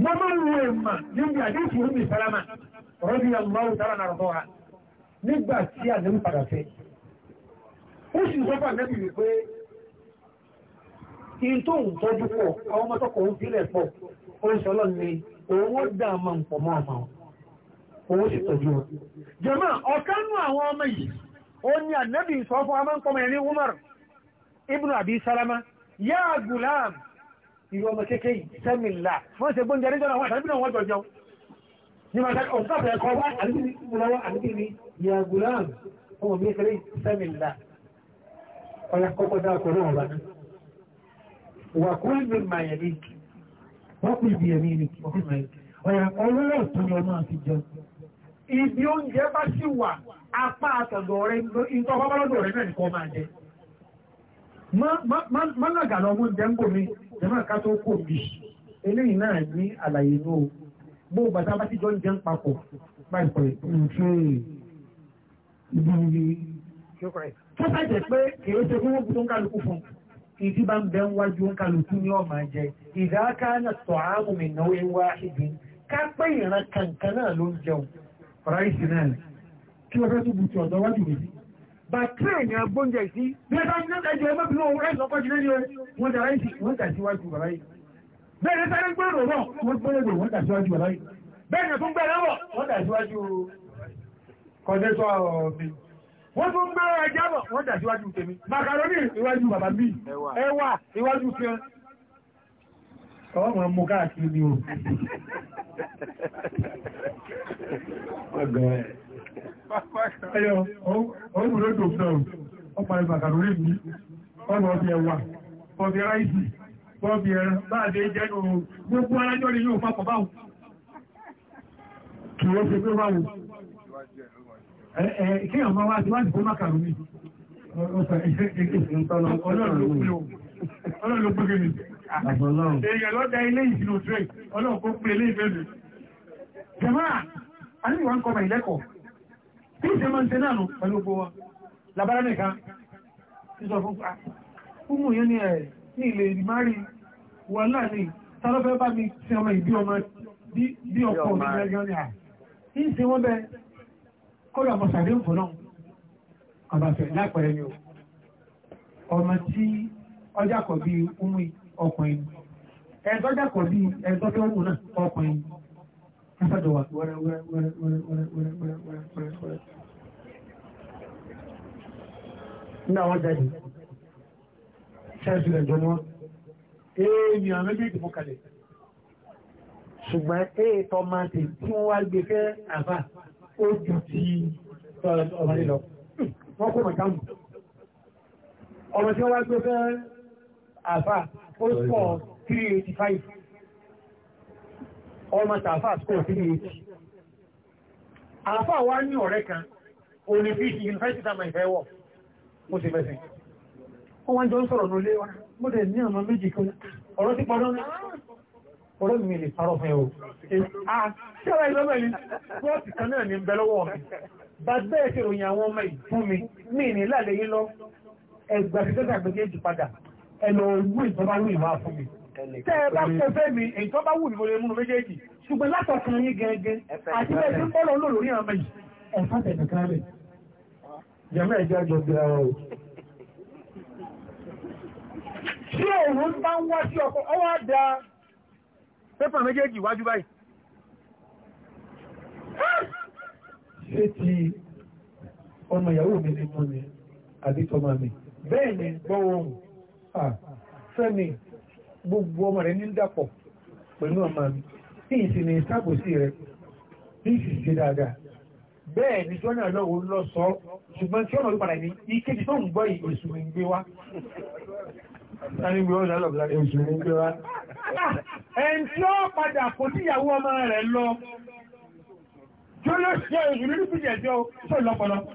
wọ́n máa ń níbi àdéhùn ìlú ìsálámà rọ́bì àlùmáwò sára nà ha nígbà tí àdéhùn padà fẹ́. ó sì sọ fún wípé kí n tó ń tọ́jú pọ̀ àwọn ọmọ pọ̀ ó ni òun ó dá àmọ́ mọ́ ọmọ sì tọ́jú wọn. ọ̀kánú àwọn ọmọ yìí ó ní Abi Salama yáà ìlú ọmọ kéèké ìsẹ́mìlá wọ́n ṣe gbóúnjẹ níjọ́ náà wọ́n àtàrí náà wọ́n jọjọ́ ní ma ṣe ọ̀pọ̀lọpọ̀ ẹ̀kọ́ wá àdúgbìnrin àdúgbìnrin ya gulam ọmọ mi kéré ìsẹ́mìlá ọ̀yà kọ́kọ́ dá ọkọ̀ náà wà wà kú ẹ̀mí mayẹ̀ ní wọ́n kú ibi ẹ̀mí ní ọ̀yà ọlọ́rọ̀ tó yọ náà ti jẹun ibi oúnjẹ bá sì wà apá àtọ̀dọ̀ rẹ̀ ìtọ́kọ́ bá lọ́dọ̀ rẹ̀ náà nìkan máa jẹ mọ́nàgà lọ́mú jẹ́ ń bò mí jẹ́mọ́ ká tó kò bí eléyìí náà ní àlàyé ní o gbogbo bàtà bá ti jọ ń jẹun papọ̀ pàìpọ̀ ìfẹ́ ìbí ibi tó sàjẹ́ pé kìí ṣe fún wọ́n tó ń kálukú fún ìdí bá ń bẹ ń wájú ń kálukú ní ọmọ jẹ ìdáká náà tọ̀ áàmù mi náwó ń wá ìdí ká pé ìran kankan náà ló ń jẹun ráìsì náà kí wọ́n fẹ́ tó bùtù ọ̀dọ́ wájú mi sí bàtíẹ̀ ní agbóúnjẹ sí bẹ́ẹ̀ta ní ẹjọ́ ẹgbẹ́ bí wọ́n rẹ̀ lọ́pọ̀ jùlọ ní wọ́n dà ráìsì wọ́n dà síwájú bàbá yìí bẹ́ẹ̀ sáré gbèrò náà wọ́n gbèrò wọ́n dà síwájú bàbá yìí bẹ́ẹ̀ tún gbẹ̀rẹ̀ wọ̀ wọ́n dà síwájú kọ̀dẹ́sọ́ mi wọ́n tún gbé ẹja bọ̀ wọ́n dà síwájú tèmi makaroni iwájú bàbá mi ẹwà iwájú fi hàn ọwọ́ mọ̀ mú káàkiri ni o *laughs* Ayọ̀, ọ bụla lóòtò fún ọ̀pá ìbàkàrò rí mi, ọ̀nà ọ̀bí ẹwà, ọ̀bí ráìsì, ọ̀bí ẹran, báàdé jẹ́nu gbogbo arájọ́ ni yóò papọ̀ báwù. Kì ó ṣe Ọlọ́run ló Ọlọ́run ló ọlọ́run ní tí ìṣe máa ń ṣe náà nù pẹ̀lú gbogbo wa labára nìkan ti sọ fún ah, fúnmù yẹn ní ẹ̀ ní ilé ìmárì wà láàrin tálọ́fẹ́ bá mi ṣe ọmọ ìbí ọmọ bí ọkọ̀ òmìnira ní à ń ṣe wọ́n bẹ kọ́dọ̀ ọmọ sàdé ọkùnrin ẹ̀ẹ́dọ́jà kọ̀ bíi ẹ̀ẹ́dọ́jà ọkùnrin náà ọkùnrin kásájọ wà wẹ́rẹ́ wẹ́rẹ́ wẹ́rẹ́ wẹ́rẹ́ wẹ́rẹ́ wẹ́rẹ́ wẹ́rẹ́ wẹ́rẹ́ ní àwọn jáde ṣẹ́ẹ̀sì rẹ̀ jọ ní wọ́n èèmì àmẹ́jì ìdìbò kalẹ̀ ṣùgbọ́n èètọ́ eh, máa tè tí wọ́n wá gbé fẹ́ àbá ó jù ti ọmọdé lọ wọ́n kó màkà mù ọmọ tí wọ́n wá gbé fẹ́ àbá ó pọ̀ 385 ọmọ tàfà àtúkò sí ní èjì àfà wá ní ọ̀rẹ́ kan òní fi ìṣì yunifásitì àmà ìfẹ́ wọ̀ mo sì fẹ́sẹ̀ wọ́n wá jọ ń sọ̀rọ̀ nílé wa mo dẹ̀ ní ọmọ méjì kan ọ̀rọ̀ ti pọ̀dọ́ ọ̀rọ̀ mi lè parọ́ fún ẹ o ṣẹ́ra ìlọ́mọ̀ ni bọ́ọ̀tì kan náà ní bẹ lọ́wọ́ mi bá bẹ́ẹ̀ ṣe ròyìn àwọn ọmọ ìfún mi mí ní lálẹ́ yín lọ ẹgbàá ti tẹ́tà gbẹ́gẹ́jì padà ẹ̀lọ́ owó ìjọba lóyìn wá fún mi tẹ́ ẹ bá kó fẹ́ mi èyí tó bá wù ní mo lè múnu méjèèjì ṣùgbọ́n látọ̀kan yín gẹ́gẹ́ àti bẹ́ẹ̀ tí ń bọ́lọ̀ lò lórí àwọn yìí ẹ̀ fàtẹ̀ nìkan rẹ̀ jẹ́mọ́ ẹ̀jẹ̀ àjọ bí ara o. tí òun bá ń wá sí ọkọ̀ ọ wá da pépà méjèèjì wájú báyìí. ṣé ti ọmọ ìyàwó mi ni mo ní àbí tọmọ mi bẹ́ẹ̀ ni gbọ́ ohun ah, fẹ́mi gbogbo ọmọ rẹ̀ ní dàpọ̀ pẹ̀lú ọmọ mi tí ìsinmi sábòsí rẹ̀ tí ìsì ṣe dáadáa bẹ́ẹ̀ ni jọ́nà lọ́wọ́ lọ sọ ṣùgbọ́n tí ọmọ yóò padà ní ìkéjì tó ń gbọ́ èṣù ń gbé wá ẹn tí ó padà kò tí ìyàwó ọmọ rẹ̀ lọ jọ́lọ́ṣẹ́ òṣèlú nípìnlẹ̀ tí ó sọ ìlọ́pọ̀lọpọ̀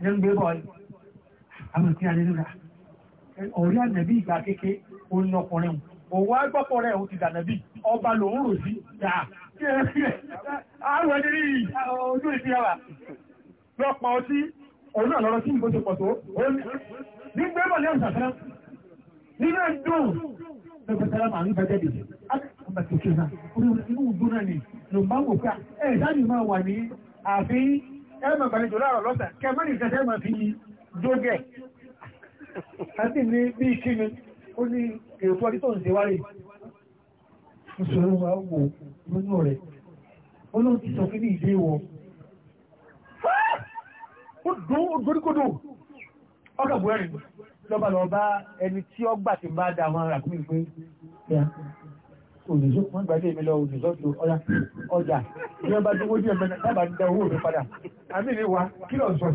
ní ń gbé bọ́ọ̀lù àwọn ìpín àdínúra ọ̀rí ànàbí ìgbà kéke orin ọkùnrin òun wá gbọ́pọ̀ rẹ̀ òun ti dànàbí ọba lòun rò sí dáa àwọn ẹni rí ojú ìfihàn wà lọ́pọ̀ ọtí òun náà lọ́rọ̀ tí ìbò ṣe pọ̀ tó nígbé bọ̀lẹ́ ìṣàfẹ́ nínú ẹ̀dùn lọ́pẹ̀tẹ̀lá màá ń bẹ́jẹ́ dìde àbẹ̀tẹ̀kẹ́ náà inú ìgbóná ni lòun bá wò pé ẹ̀ẹ́dá ni ẹ̀mọ̀ gbàlejò láàrọ̀ lọ́sẹ̀ kẹmọ́nì ìṣẹ́ṣẹ́ mọ̀ fi jógẹ̀ àti ní bí kíni ó ní èrò tó ọdí tó ń ṣe wárí ìṣòro wa wò nínú rẹ̀ ó lóun ti sọ kí ní ìdí wọ ó dùn ó doríkodò ọkà bùrẹ́rìn lọ́ba lọ bá ẹni tí ó gbà ti bá da àwọn arákùnrin pé òdòdó wọ́n gbàdé mi lọ òdòdó tó ọjà ọjà ní ọba tó wójú ẹ̀mẹ́ dábà ń da owó mi padà àmì mi wá kí lọ sọ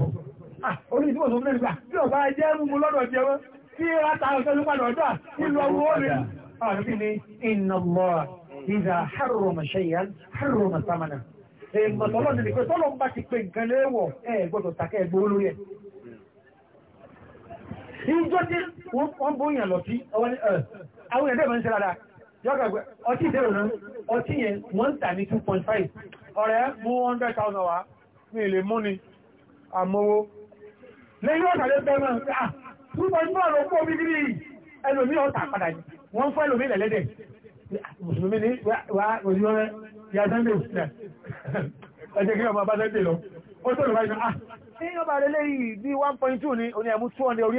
ah, orí ìdíwọ̀ tó mẹ́rin gbà bí ọba jẹ́ mú lọ́dọ̀ jẹ́ wọ́n kí ra ta ọ̀sẹ̀ ló padà ọ̀dọ́ ìlú ọwọ́ rẹ̀ àrùbí ni iná lọ ìdá harro ìjọ́ tí wọ́n bóyàn lọ sí ọwọ́ ní ẹ̀ àwọn ẹ̀dẹ́ mọ̀ ń ṣe dáadáa jọ́gbàgbẹ́ ọtí ìdẹ́rùn náà ọtí yẹn wọ́n tà ní 2.5 ọ̀rẹ́ mú 100,000 wá ní ilé mú ni àmọ́wó lẹ́yìn ọ̀tàlẹ́ bẹ́ẹ̀mọ̀ ah 2.5 ló pọ̀ bígírí ẹlòmí ọ̀tà padà wọ́n fọ́ ẹlòmí lẹ́lẹ́dẹ̀ mùsùlùmí ní wà òyìnbọ̀rẹ́ ya sunday òsìlẹ̀ ẹjẹ́ kí ọmọ bá sunday lọ ó tó lùbáyìí ah ní ọba lẹ́lẹ́ yìí bí 1.2 ni oní ẹ̀mú 200 orí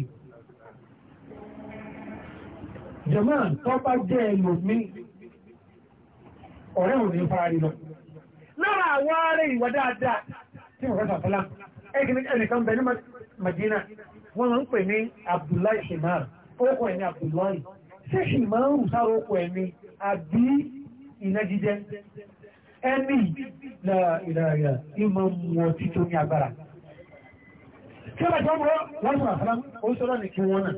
ẹ̀ jẹ̀mọ́ tó bá jẹ́ ẹlòmí ọ̀rẹ́ òní fara rí lọ lára àwọn ààrẹ ìwà dáadáa tí wọ́n rọ́ta fọ́lá ẹnìkan bẹ̀ ní Madina wọ́n ń pè ní Abdullahi Shimar ókò ẹni Abdullahi ṣé Shimar ń sáré ókò ẹni àbí ìnagijẹ ẹni ìlàrà ìmọ̀ mọ̀ tító ní agbára tí ó bá jọ́ mọ́ wọ́n sọ̀rọ̀ fọ́lá ó sọ̀rọ̀ ní kí wọ́n náà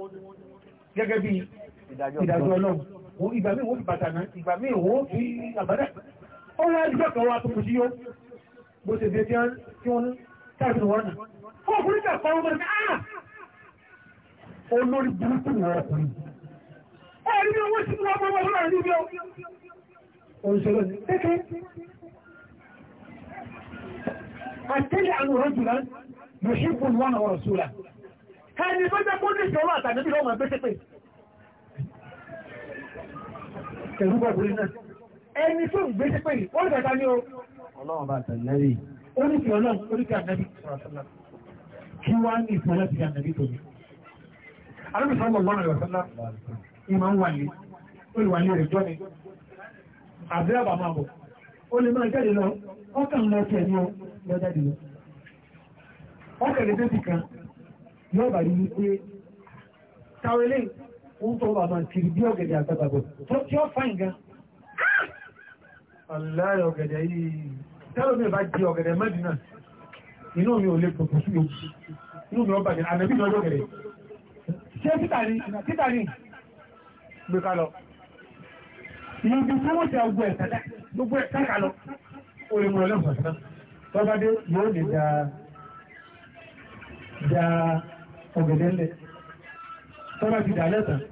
gẹ́gẹ́ bí ìdájọ́ ọlọ́run ìgbà míì wọ́n fi bàtà náà ìgbà míì wọ́n fi àbádà ó wá ẹgbẹ́ kan wá tó kù sí yó bó ṣe dé tí wọ́n káàkiri wọn nà ó kúrú ìgbà kan wọn ní àà olórí burúkú ni wọ́n kùn ó rí owó sí wọn bọ́ wọn láàrin níbi ó òṣèlú ní kékeré àtẹ́lẹ̀ àwọn òròjùlá yóò ṣe kún wọn àwọn ọ̀rọ̀ sóra ká ẹni tó jẹ́ kó ní ìṣòro àtàdébí lọ́wọ́ ẹgbẹ́ tẹ̀rúbọ̀ obìnrin náà ẹni tó ń gbé sí pé ó lè bàtà o ọlọ́run bá tẹ̀lẹ́rì ó ní kí ọlọ́run ó ní kí ànábì kí wá ní ìfẹ́ láti kí ànábì tó ní. alábì sọ́mọ̀ lọ́rọ̀ ẹ̀rọ sọ́lá ìmọ̀ ń wàlé ó lè wàlé rẹ̀ wọ́n tó bàbá kiri bí ọ̀gẹ̀dẹ̀ àgbàgbàgbọ̀ tó tí ó fáìn gan. aláì ọ̀gẹ̀dẹ̀ yìí tẹ́lọ̀ mi bá jẹ ọ̀gẹ̀dẹ̀ mẹ́dínà inú mi ò lè pòpò sí o inú mi ò bàjẹ́ ànàbí ní ọjọ́ ọ̀gẹ̀dẹ̀ ṣé títàní títàní gbé ká lọ. ibi tí wọ́n ti ọgbọ ẹ̀ tẹ́lẹ̀ gbogbo ẹ̀ káka lọ ó lè mú ọ lẹ́fọ̀ọ́ sí náà tọ́badé yóò lè dáa dáa ọ̀gẹ̀dẹ̀ lẹ̀ tọ́ba ti dà lẹ́tàn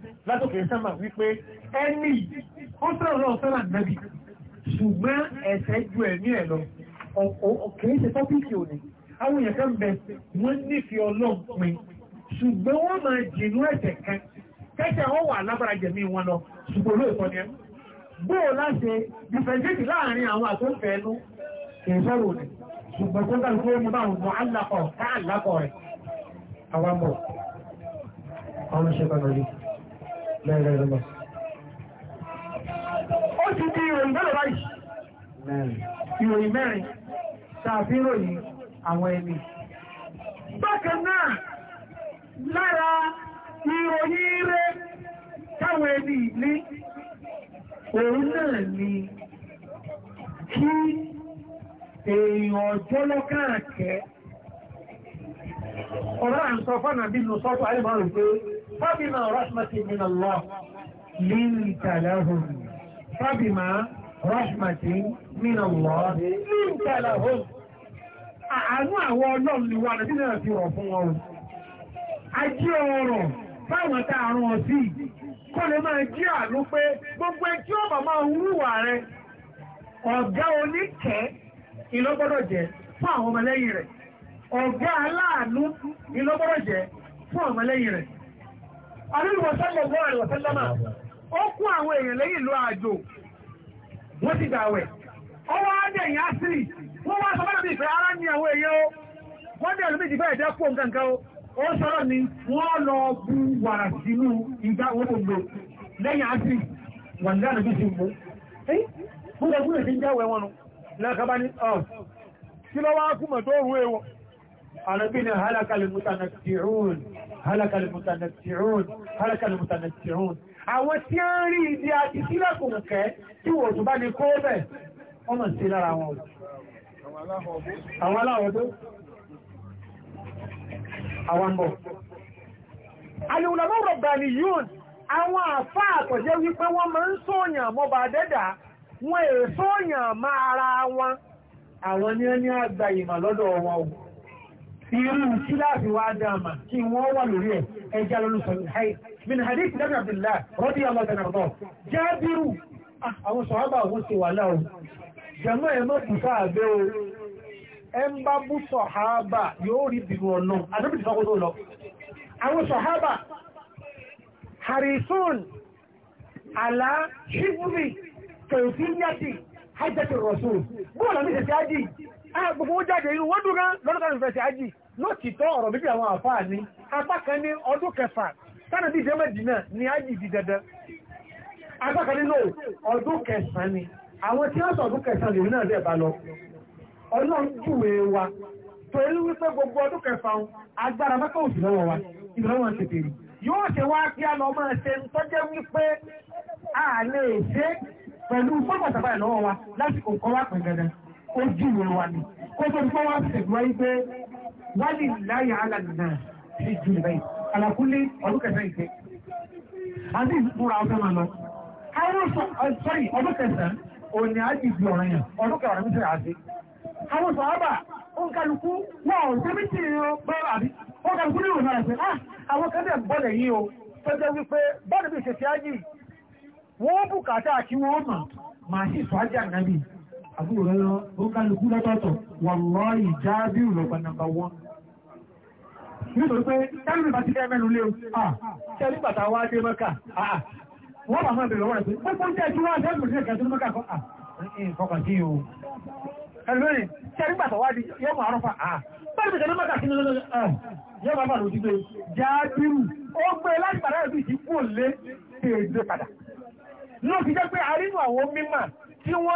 látòkè sánmà wípé ẹni ó sọ̀rọ̀ lọ sọ́nà nàbì ṣùgbọ́n ẹ̀sẹ̀ ju ẹ̀mí ẹ̀ lọ kìí ṣe tọ́pìkì òní àwọn èèyàn kan bẹ wọ́n nífẹ̀ẹ́ ọlọ́pin ṣùgbọ́n wọ́n máa jìnú ẹ̀sẹ̀ kan kẹ́sẹ̀ wọ́n wà lábára jẹ̀mí wọn lọ ṣùgbọ́n olóòtọ́ ni ẹ bóò láṣe dìfẹ̀ǹdéjì láàrin àwọn àtúnfẹ́ ẹnu kìí sọ̀rọ̀ òní ṣùgbọ́n tó dáa tó mú báwọn mọ̀ alákọ̀ọ́ káàlákọ̀ọ́ rẹ̀ àwọn mọ̀ àwọn ṣe kan lórí. lẹ́rẹ̀ẹ́rẹ́ ó ti di ìròyìn mẹ́rin báyìí ìròyìn mẹ́rin tàbí ìròyìn àwọn ẹni bákan náà lára ìròyìn ire táwọn ẹni ní òun náà ni kí èèyàn ọjọ́ lọ́kàràkẹ́ ọ̀rọ̀ à ń lọ sọ́tọ̀ pé فبما رحمة من الله لنت لهم فبما رحمة من الله لنت لهم àánú àwọn ọlọ́run ni wà nàbí náà fi rọ̀ fún ọrùn ají ọrọ̀ fáwọn tá àrùn ọ̀sí kọ́ lè máa jí àánú pé gbogbo ẹjí ọmọ máa wúwà rẹ ọ̀gá oníkẹ́ ìlọ́gbọ́dọ̀ fún àwọn ọmọlẹ́yìn rẹ̀ ọ̀gá aláàánú ìlọ́gbọ́dọ̀ fún ọmọlẹ́yìn rẹ̀ àríwọ̀sẹ́lẹ̀ wọ́n àríwọ̀sẹ́lẹ́mà ó kú àwọn èèyàn lẹ́yìn ìlú àjò wọ́n ti dàwẹ̀ ọwọ́ adẹ̀yìn àṣírí wọ́n wá sọ mọ́nà ìfẹ́ ara ní àwọn èèyàn ó wọ́n dẹ̀ lómi ìdìbẹ́ ẹ̀dẹ́ pò nǹkan ó ó ni wọ́n lọ bu halakalimutanatiun halakalimutanatiun àwọn tí ó ń rí ibi àti sílẹ̀kùn kẹ́ tí wọ́n tó bá ní kó bẹ̀ wọ́n mọ̀ sí lára wọn àwọn aláwọ̀dó àwọn bọ̀ alìwùlọ́mọ́ rọ̀gbà ni àwọn àfá àtọ̀jẹ́ wípé wọ́n máa ń sóòyàn mọ́bà dẹ́dà wọ́n èsóòyàn máa ara wọn àwọn ní ẹni àgbà ìmà lọ́dọ̀ wọn ohun irú tí láti wá dáàmà kí wọ́n wà lórí ẹ̀ ẹjá lọ́lọ́sọ̀rọ̀ haì min hadith ibn abdullah rọ́dí aláàdánàbọ̀ jábírù ah, àwọn sọ̀hábà wọ́n ti wà láwọ́ jẹ́mọ́ ẹmọ́ bùsá àbẹ́ o ẹn bá bú sọ̀hábà yóò rí bìnú ọ̀nà adébìtì sọ́kótó lọ àwọn Ah, gbogbo jáde irú wọ́n dúró lọ́dún fẹ̀sì ájì lótìtọ́ ọ̀rọ̀ méjì àwọn àfáà ní apá ní ọdún kẹfà tánà bí mẹ́dínà ní di dandan ọdún kẹsàn ni àwọn tí wọ́n sọ ọdún kẹsàn lòun náà dẹ̀ lọ ọlọ́run júwe wa torí wípé gbogbo ọdún kẹfà agbára òsì lọ́wọ́ wa ó jùlọ wa ni kó tó fọ́ wá ṣègbọ́ yí pé wọ́n lè láyà alàdìdà sí jù bẹ́ẹ̀ àlàkúlé ọdún kẹsàn-án ìgbé àti ìfúnra ọjọ́ máa lọ àwọn sọ sọ́yìn ọdún kẹsàn-án òní àjì ìgbì ọ̀rọ̀ yẹn ọdún kẹwàá mi sẹ́yà sí àwọn sọ ábà ó ń kálukú wọ́n ò tẹ́bí tì í pé àbí ó ní ìrònú àìsàn ah àwọn kẹ́bẹ̀ bọ́lẹ̀ yìí o tó jẹ́ wípé bọ́ọ̀lù bí ìṣẹ̀ṣẹ̀ ájì wọ́n bùkátà kí wọ́n mọ̀ màá sì sọ ájì àgbàbí àbúrò rẹ̀ lọ ó kálukú lọ́tọ̀ọ̀tọ̀ wọ́n lọ́ ìjà ìrọ̀gbà nàmbà wọn. nítorí pé táwọn ìbá ti fẹ́ mẹ́nu lé o ṣe nígbà a wá dé mọ́kà wọ́n bá máa bèrè lọ́wọ́ rẹ̀ pé pé pọ́ńtẹ́ tí wọ́n sí ẹ̀ka tó mọ́kà kọ́ fọkàn sí o. ẹlòmíràn ṣe nígbà wá di yóò mọ àrọ́fà bẹ́ẹ̀ bẹ̀rẹ̀ mọ́kà sí yóò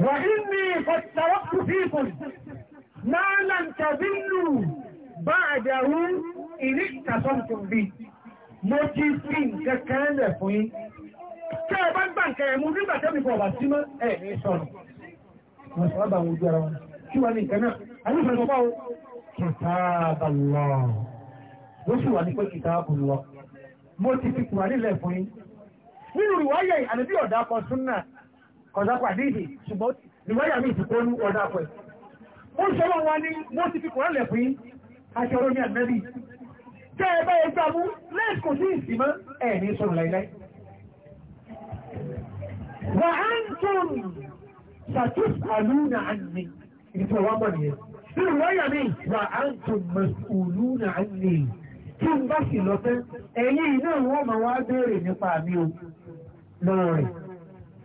وإني قد تركت فيكم ما لم تذلوا بعده إن اتصلتم به mo ti fi nǹkan kan lẹ̀ fún yín kí ẹ bá gbà nǹkan ẹ̀mú nígbà tẹ́mi fọ ọ̀bà símọ́ ẹ̀ ní sọ̀rọ̀ wọ́n sọ̀rọ̀ bá wọn ojú ara wọn kí wọ́n ní nǹkan náà alúfẹ́ sọ bá o kìtàbàlọ́ ó sì wà ní pé kìtàbàlọ́ mo ti fi kùrà nílẹ̀ fún yín nínú ìwáyẹ̀ àdébí ọ̀dà kan súnnà kọ̀dọ̀pọ̀ àdíjì ṣùgbọ́n ìwọ́yà mi ìsìnkú ní ọ̀dà pẹ̀. ó ń sọ́wọ́ wọn ni wọ́n ti fi kọ̀rọ̀ lẹ̀kùn yí aṣọ orí àmẹ́bí jẹ́ ẹgbẹ́ ẹgbẹ́ mú lẹ́ẹ̀kù sí ìsìnmọ́ ẹ̀ ní sọ̀rọ̀ láìláì. wà á ń tún ṣàtúnṣ àlúnà àmì ìtò wa mọ̀ nìyẹn. nínú ìwọ́yà mi wà á ń tún mọ̀sùlúnà àmì tí ń bá sì lọ fẹ́ ẹ̀yìn náà wọ́n máa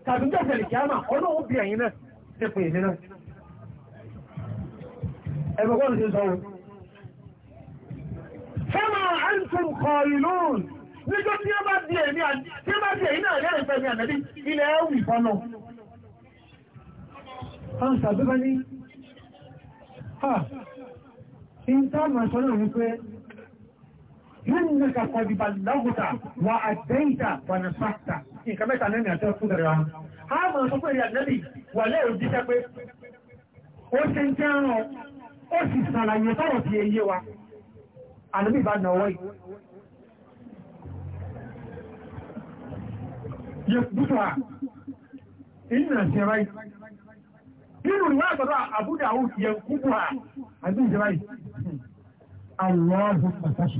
tàbí jẹ́sẹ̀ lè kíámà ọlọ́run bí ẹ̀yìn náà ṣe pè ní náà ẹgbẹ̀gbọ́n ṣe sọ fẹ́mà ẹ̀ntùn kọ̀ ìlú níjọ́ tí ó bá di ẹ̀yìn náà lẹ́rẹ̀ pẹ̀lú àmẹ́bí ilẹ̀ ẹ̀wù ìfọ́nà ọ̀sàbíbá ní ha ìntàmà sọ́nà wípé إنك قد بلغت وأديت ونصحت إنك متى نمي أتوى قدر عنه هذا ما تقول يا النبي ولا يجيك بي وسن كانوا وسن سنة يطرط يأيوا النبي بعد نووي يثبتها إن سيري nínú ìwé àgbàdo àbúdà àwọn òkè yẹn kúkú ha àbí ìjọba yìí. Àwọn ọ̀hún pàtàkì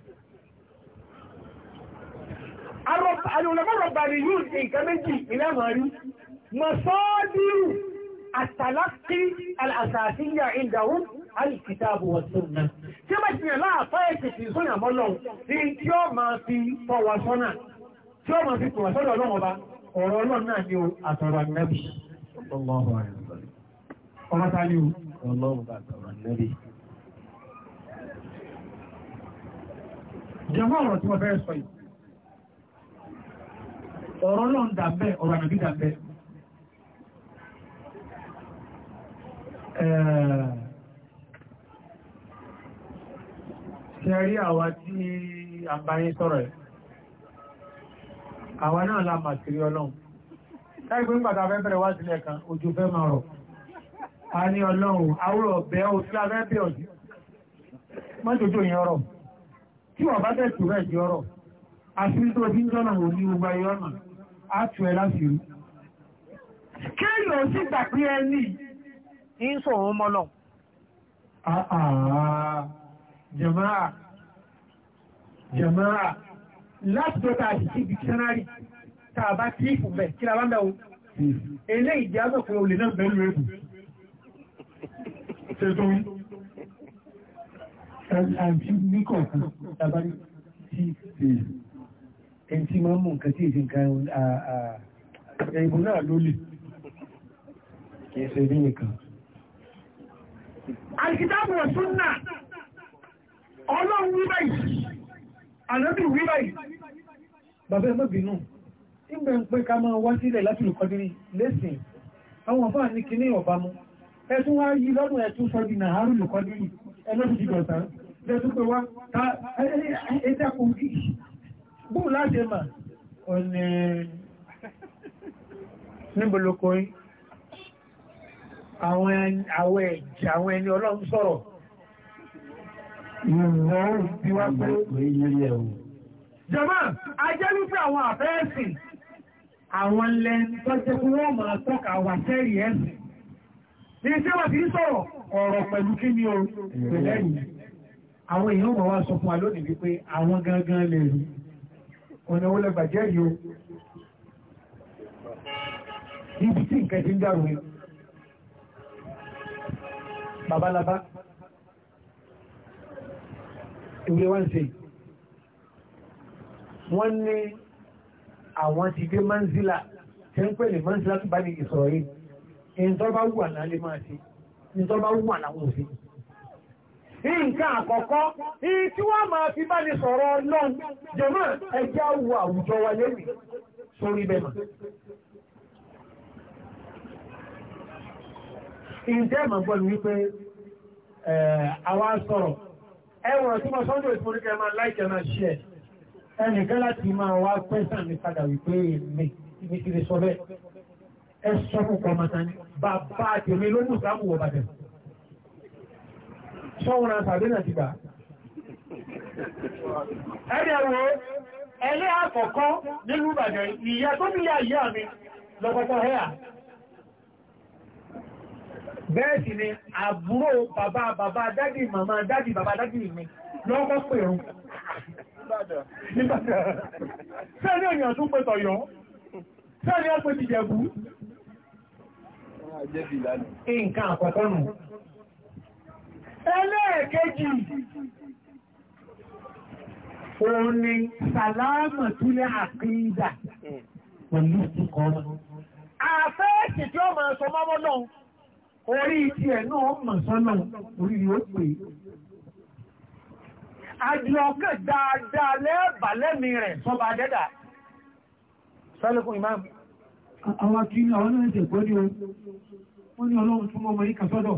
alùlọ́mọ́rọ̀gbà ni yóò ṣe nǹkan méjì ilẹ̀ mọ̀rí masọ́dírù àtàlákí al'asàtíyà ìdáwó alìkìtàbù wọ̀sánà tí ó bá ti yàn láàpá ẹ̀kẹ̀ sí sọ́nà mọ́lọ̀ tí tí ó máa fi fọwà sọ́nà tí ó máa fi fọwà sọ́dọ̀ ọlọ́run ọba ọ̀rọ̀ ọlọ́run náà ni ó àtọ̀rọ̀ nẹ́bì ọmọ ọ̀rọ̀ tí wọ́n fẹ́ sọ yìí ọ̀rọ̀ náà ń dàbẹ́ ọ̀rọ̀ ànàbí dàbẹ́ ṣe rí àwa tí àbáyé sọ̀rọ̀ ẹ̀ àwa náà la mà sí ọlọ́run láìpé ń pàtàkì fẹ́fẹ́rẹ̀ wá sílẹ̀ kan ojú fẹ́ máa rọ̀ a ní ọlọ́run àwúrọ̀ bẹ́ òsí láfẹ́ bẹ́ ọ̀dí mọ́jòjò yẹn ọ̀rọ̀ tí wọ́n bá tẹ̀sù rẹ̀ di ọ̀rọ̀ àti tó ti ń jọ́nà òní gbogbo ayé ọ̀nà àtù ẹ̀ láti rí kéèyàn sì gbà pé ẹni ń sọ̀rọ̀ mọ́lọ̀ jàmáà jàmáà láti tó tàà sí ibi sẹ́nárì tàà bá tí ìfù bẹ̀ kí la bá ń bẹ̀ o ilé ìjázọ̀ pé olè náà bẹ̀rù ẹ̀bù ṣe tó ń àti níkọ̀ọ̀kan tàbí tí ẹni tí máa ń mú nǹkan tí èsì nǹkan ẹ̀yìnbó náà ló lè kìí ṣe rí nìkan. Àìsìtáàbù ọ̀sùn náà, ọlọ́run wí báyìí, àlọ́bì wí báyìí. Bàbá ẹ mọ́bìnú, ìgbẹ̀ ń pé ká máa wá sílẹ̀ láti lùkọ́ dírí lẹ́sìn, àwọn ọ̀fà ní kinní ọ̀bá mú. Ẹ tún wá yí lọ́dún ẹ tún sọ di nàárù lùkọ́ dírí, ẹ lọ́dún bóò láti mà ó ní níbo ló kọ́ yín àwọn ẹ̀jẹ̀ àwọn ẹni ọlọ́run sọ̀rọ̀ ìwọ̀n bí wá pé jọba ajẹ́ wípé àwọn àfẹ́ẹ̀sì àwọn ilẹ̀ tọ́jẹ́ kí wọ́n máa tọ́ka wà sẹ́rì ẹ̀sìn ní iṣẹ́ wà tí sọ̀rọ̀ ọ̀rọ̀ pẹ̀lú kí ni o pẹ̀lẹ́yìn àwọn èèyàn mọ̀ wá sọ fún wa lónìí wípé àwọn gangan lè rí ọ̀nà owó lẹ́gbàjẹ́ yìí o ibi tí nǹkan ti ń dàrú ni babalaba ìwé wọ́n ṣe wọ́n ní àwọn ti dé manzila tẹ́ ń pè ní manzila tó bá ní ìsọ̀rọ̀ yìí ìntọ́ bá wù àlálé máa ṣe ìntọ́ bá wù àláwọ̀ òṣèlú nǹkan àkọ́kọ́ èyí tí wọ́n máa fi bá ní sọ̀rọ̀ lọ́n jẹ̀mọ́ ẹjá wo àwùjọ wa lẹ́nu sórí bẹ́ẹ̀ ìjẹ́ ìmọ̀gbọ́n wípé àwa sọ̀rọ̀ ẹwọ̀n tí wọ́n sọ́dọ̀ ìfún oríkẹ́ máa láìkẹ́ máa ṣí ẹ̀ ẹnìkan láti máa wá pẹ́sàn ní padà wípé èmi ti lè sọ bẹ́ẹ̀ ẹ sọ fún kọmọta ní bàbá àtẹ̀mí ló mú sáàmù wọ̀ bàdẹ̀ ṣọ́wọ́n sàbínà ti gbà ẹ̀rẹ̀ wo ẹlẹ́ àkọ́kọ́ nínú Ìbàdàn ìyá tó bí yá ìyá mi lọ́kọ́kọ́ hẹ́à bẹ́ẹ̀ sì ni àbúrò bàbá bàbá dádì màmá dádì bàbá dádì mi lọ́kọ́ pèrún sẹ́ni ènìyàn tún pẹ̀tọ̀ yọ sẹ́ni ọ̀pẹ̀ ti jẹ̀bú nǹkan àkọ́kọ́ nù ẹlẹ́ẹ̀kejì òun ni sàlámà túlẹ̀ àkídà pẹ̀lú ìtukọ̀ ọmọ àfẹ́ẹ̀kì tí ó máa sọ mọ́mọ́ náà orí ti ẹ̀ náà mọ̀ sọ́nà orí ni ó pè àjọkẹ́ dáadáa lẹ́ẹ̀bà lẹ́mí rẹ̀ sọba dẹ́dà sálẹ́kùn ìmáàmù àwọn akíní àwọn tẹ̀gbọ́n ní o ní ọlọ́run túnmọ́ ọmọ yíkà sọ́dọ̀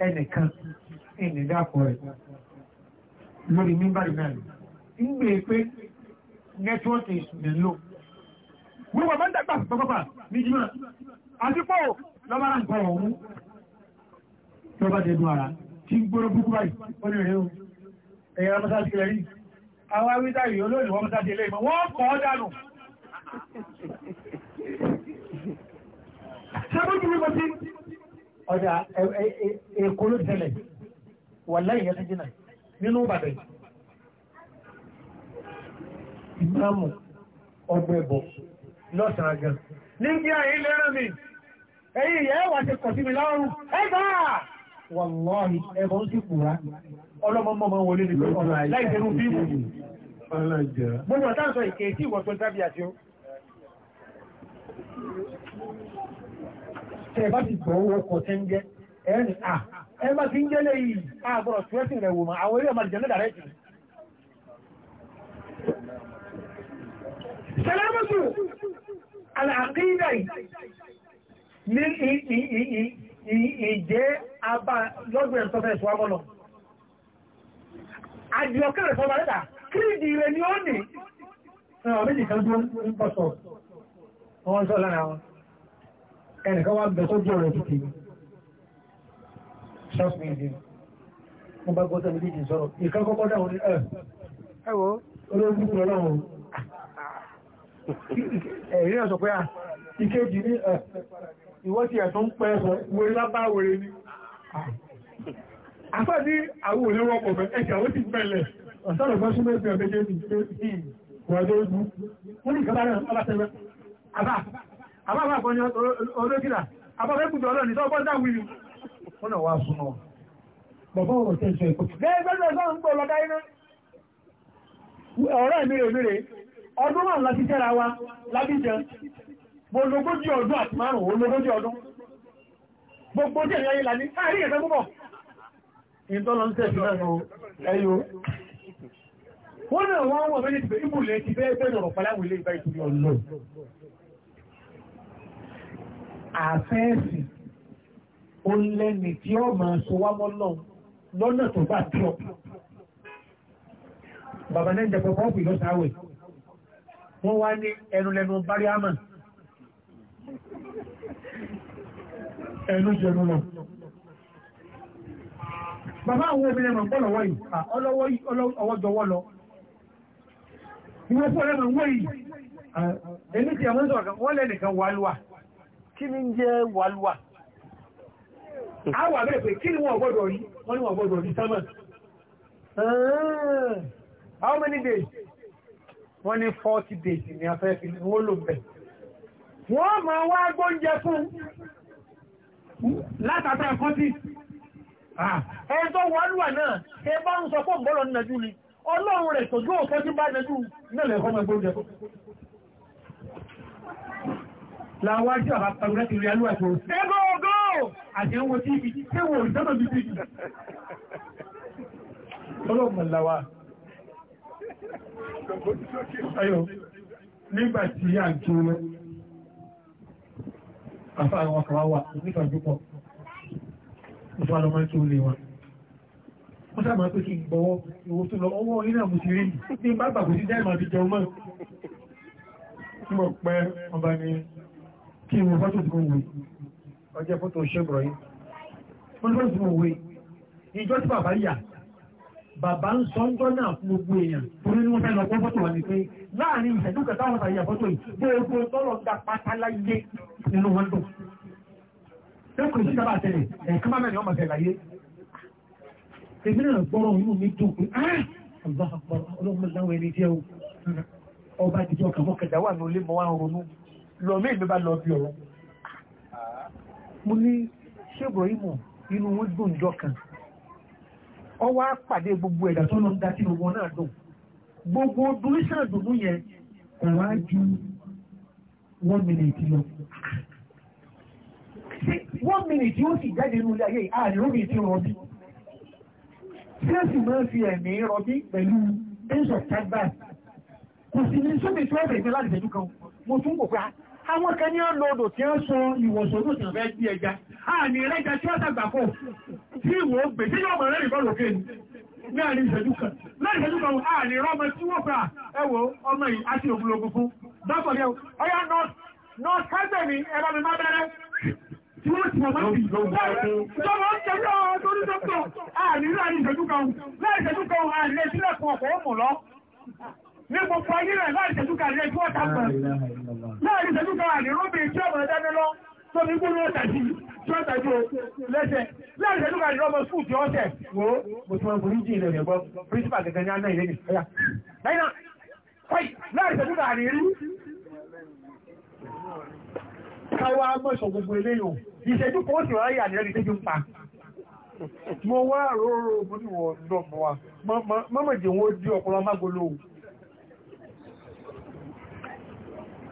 ẹnìkan ẹni dákọ̀ rẹ̀ lórí mímbàrí náà ń gbé e pé nẹ́tíwọ́tì ìsìnlò wíwọ̀ bá ń dàgbà pọ̀pọ̀pà ní jímọ̀ àti lọ́bára nǹkan ọ̀hún lọ́bá dẹnu ara tí ń gbóró búkú báyìí ó lè rẹ̀ o ẹ̀yà ọjà èkó ló tẹ̀lẹ̀ wà láyìn ẹ̀sìn jìnà nínú ìbàdàn ìmáàmù ọgbọ̀ ẹ̀bọ̀ lọ́sàn àgàn níbi àyè lẹ́rọ mi ẹ̀yìn ìyá ẹ̀wà ti kọ̀ sí mi lọ́rùn ẹ̀bà wàlọ́ọ̀hì ẹ̀bọ̀ ń sì pùrá ọlọ́mọmọmọ wọlé ní pé ọ̀rọ̀ láì tẹnu bíbù gbogbo ọ̀tá ń sọ ìkè tí ìwọ̀ tó dábìá tí ó tẹ́ bá ti gbọ́ owó ọkọ̀ tẹ́ ń jẹ́ ẹni à ẹ bá ti ń jẹ́ lẹ́yìn àgbọ̀rọ̀ tíwẹ́sìn rẹ̀ wò mọ́ àwọn eré ọmọdé jẹ́lẹ́ dàrẹ́tì. sẹlẹ́mùsù àlàkídà yìí ní ìjẹ́ abá lọ́gbẹ̀ẹ́ ìtọ́fẹ́ ìfọwọ́gọ́nà àjọkẹ́ rẹ̀ fọwọ́ rẹ̀ kírídì rẹ̀ ni ó ní ọ̀rọ̀ méjì kan dúró ń pọ̀ sọ̀rọ̀ ẹnìkan wá bẹ̀ tó jẹ́ ọ̀rẹ́ títí ṣọ́ọ̀sì ìdí mo bá gbọ́tọ̀ ní bíjì sọ̀rọ̀ ìkan kọ́kọ́ dáhùn ní ẹ̀ ẹ̀wọ́ olóògùn ọlọ́run ẹ̀rí náà sọ pé à ah. ìkéjì ní ẹ̀ ìwọ́ ti ẹ̀ tó ń pẹ́ ẹ̀sọ̀ wòrí lábá wòrí ní afá ah. ní àwọn òlérò ọkọ̀ fẹ́ ẹ̀kẹ́ àwọn ti gbẹ̀lẹ̀ ọ̀sánà fẹ́ súnmọ́ ẹ̀fẹ́ méjèèjì àbábà kan ní olókìlà àbábẹ́kùnjọ ọlọ́ni tó bọ́ dáwìlú wọ́n náà wá súnmọ́ bàbá ọ̀rọ̀ tẹ́sọ̀ ẹ̀kọ́ gẹ́gẹ́gẹ́ sọ́rọ̀ ń gbọ́ lọ́dá iná ọ̀rọ̀ ìmìrè ìmìrè ọdún wà láti tẹ́ra wa lábíjẹ gbogbogbòjì ọdún àti márùn-ún ológójì ọdún gbogbo jẹ́ ìyá ìlàní káàrí ẹ̀fẹ́ púpọ̀ ìtọ́lọ ń tẹ̀sí lẹ́nu ẹyọ wọ́n náà wọ́n wọ́n fẹ́ àfẹ́ẹ̀sì ó lẹ́ni tí ó máa so wá mọ́lọ́ lọ́nà tó bá tí ọ. Bàbá náà ń jẹ pọpọ́ pì lọ́sàáwẹ̀. Wọ́n wá ní ẹnu lẹ́nu báríámà. Ẹnu jẹnu lọ. Bàbá àwọn obìnrin mọ̀ gbọ́ lọ́wọ́ yìí, ọlọ́wọ́ jọwọ́ lọ. Ìwọ́n fún ọlọ́mọ̀ wọ́ yìí, èmi ti àwọn sọ̀rọ̀ kan, wọ́n lẹ́nìkan wà lúwà kí ni ń jẹ́ wàlúwà àwà bẹ́ẹ̀ pé kí ni wọ́n gbọ́dọ̀ rí wọ́n ni wọ́n gbọ́dọ̀ rí sánmà how many days wọ́n ní 40 days ni a fẹ́ fi wọ́n lò bẹ̀ wọ́n máa wá gbóúnjẹ fún látàtà kọ́tí ẹ̀ẹ́tọ́ wàlúwà náà ṣe bá ń sọ fún bọ́lọ̀ nàjú ni ọlọ́run rẹ̀ tọ́jú òkẹ́ tí bá nàjú nílẹ̀ ọmọ gbóúnjẹ fún láwájú àbápagúdá ti rí alúwà tó ṣẹ́gbọ́ ọgọ́ àti ẹwọ tí ibi tí wò ìjọ́nà bí sí ọlọ́mọ̀láwà ayọ̀ nígbàtí à ń tó lọ afá àwọn kan wà nípa púpọ̀ ìfọ́ alọ́mọ tó lè wọn wọ́n sáà máa pé kí n gbọ́wọ́ ìwò tó lọ ọwọ́ orí náà mo ti rí ní bá gbàgbé sí dáìmọ̀ àti jẹun mọ́ Mo pẹ́ ọba ni kí ìwọ̀n fọ́tò tí mo wé ọjọ́ fọ́tò ṣẹ́gbọ̀rọ̀ yìí fọ́tò tí mo wé ìjọ tí bàbá yà bàbá ń sọ ńjọ́ náà fún gbogbo èèyàn torí ní wọ́n fẹ́ lọ kọ́ fọ́tò wà ní pé láàrin ìṣẹ́jú kẹta wọn tàbí àfọ́tò yìí gbogbo tọ́lọ̀ gba pátá láyé nínú wọn dùn lẹ́kùn sí sábà tẹ̀lé ẹ̀ẹ̀kan bá mẹ́rin ọmọ tẹ̀lé láyé èmi náà gbọ́rọ̀ inú mi dùn pé ah! ọlọ́mọdé láwọn ẹni jẹ́ ọba àtijọ́ kàmọ́ kẹta wà ní olé mọ́ wá ronú lọ́mí ìgbẹ́bá lọ bí ọ̀rọ̀ mo ní ṣé Ibrahimu inú wọn dùn jọ kan ọ wá pàdé gbogbo ẹ̀dà tó lọ ń dá sínú wọn náà dùn gbogbo dúrísàn dùnú yẹn kò wá ju one minute lọ one minute yóò sì jáde nínú ilé ayé ààrẹ omi tí ó rọbí tí ó sì máa fi ẹ̀mí rọbí pẹ̀lú tẹ́sán tágbà kò sì ní sómi tó ẹ̀fẹ̀ ìfẹ́ láti fẹ́jú kan mo tún kò pé ah, àwọn kan ní ọ̀nà odò tí ó ń so ìwọ̀sọ̀dọ̀ tí ó fẹ́ gbí ẹja àmì ẹlẹ́ja tí wọ́n tàgbàkọ́ tí ìwò gbè tí yóò mọ̀ rẹ́rìn bọ́ọ̀lù kéènì ní àrí ìṣẹ́jú kan láì ìṣẹ́jú kan àrí ọmọ tí wọ́n fà ẹwọ ọmọ yìí àti ògbólógún fún dákọ̀lẹ́ ọyá north kẹ́gbẹ̀ ní ẹ̀rọ mi máa bẹ̀rẹ̀ tí wọ́n ti mọ̀ sí ìjọba ń tẹ̀lé ọdún ní sọ́kọ̀ àrí ìṣẹ́jú kan láì ìṣẹ́jú kan àrí ẹ̀sílẹ̀ fún ọkọ̀ ó mù lọ ní gbogbo ayé rẹ̀ láàrin ìṣẹ́júkà rẹ̀ tí wọ́n tàbí láàrin ìṣẹ́júkà rẹ̀ rọ́bì tí ọmọ ẹ̀dáná lọ tó ní gbóná ọ̀tàjì tí ó tàjú lẹ́sẹ̀ láàrin ìṣẹ́júkà rẹ̀ ọmọ skúù tí ó tẹ̀ wò ó mo ti wọn borí jìn lẹ́yìn ẹ̀gbọ́n principal gẹ́gẹ́ ní aná ìrẹ́yìn ẹ̀yà lẹ́yìn náà láàrin ìṣẹ́júkà rẹ̀ rí káwá mọ́ṣọ̀ gbogbo eléyìn ìṣẹ́jú kó sì ráyà ní ẹni tẹ́jú ń pa mo wá róró mo ní wọ́n dọ̀ mọ́ wa mọ́mọ́ jẹ́ wọ́n dí ọ̀pọ̀lọpọ̀ mágolo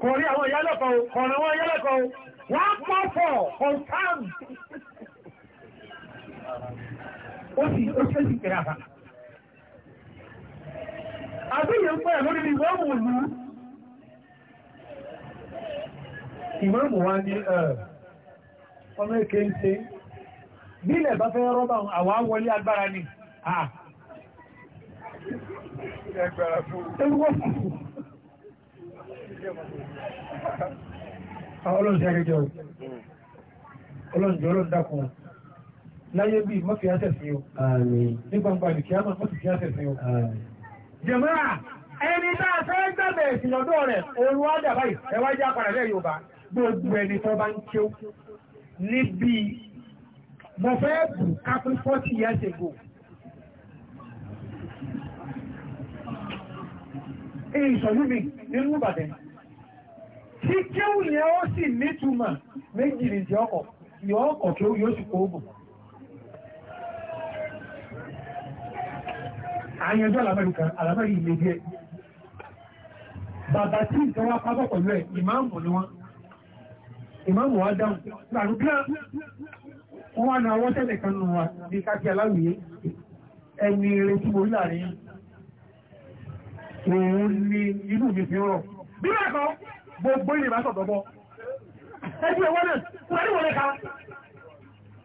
kò rí àwọn ìyálẹ́kọ̀ọ́ kọ̀rọ̀ wọn ìyálẹ́kọ̀ọ́ wọ́n pọ̀ pọ̀ ọ̀tán ó sì ó sì sì kẹrẹ àbá àbíyẹ ń pẹ́ lórí ìwọ́mù ìlú ìwọ́mù wa ní ọmọ èké ń ṣe nílẹ̀ bá fẹ́ rọ́bà àwọn wọlé agbára ni Ẹgbẹ̀rẹ̀ fún ọlọ́run hmm. láyé bí mọ́fí áṣẹ̀ sí o ní gbangba ìlú kíámà mọ́fí kí áṣẹ̀ sí o jẹ̀mọ́ra ẹni tá a fẹ́ gbẹ̀bẹ̀ ìsìn lọ́dọ̀ rẹ̀ oòrùn ádàbà ẹwájá apàdà rẹ̀ yóò bá gbogbo ẹni tó bá ń kí ó níbi mo fẹ́ bù kápẹ́ 40 ago èyí sọ̀rọ̀ mi nínú Ìbàdàn kí kéwù yẹn ó sì nítumọ̀ méjì ní ìjọkọ̀ ìyọ́kọ̀ kéwù yóò sì kó ogun àyànjọ́ alamẹ́rù kan alamẹ́rù ilé díẹ̀ bàbá tí nǹkan wá pápọ̀ pẹ̀lú ẹ̀ ìmáàmù ni wọ́n ìmáàmù wá dáhùn láàrùn bí wọ́n wá náà wọ́n tẹ́lẹ̀ kan nù wa bí káàkiri aláwìyé ẹni retí mo láàrin òun ni inú mi fi rọ̀ bí bẹ́ẹ̀ kọ́ gbogbo ìrìnbá sọ̀dọ̀bọ̀ ẹgbẹ́ wọ́n náà pẹ̀lú wọlé ká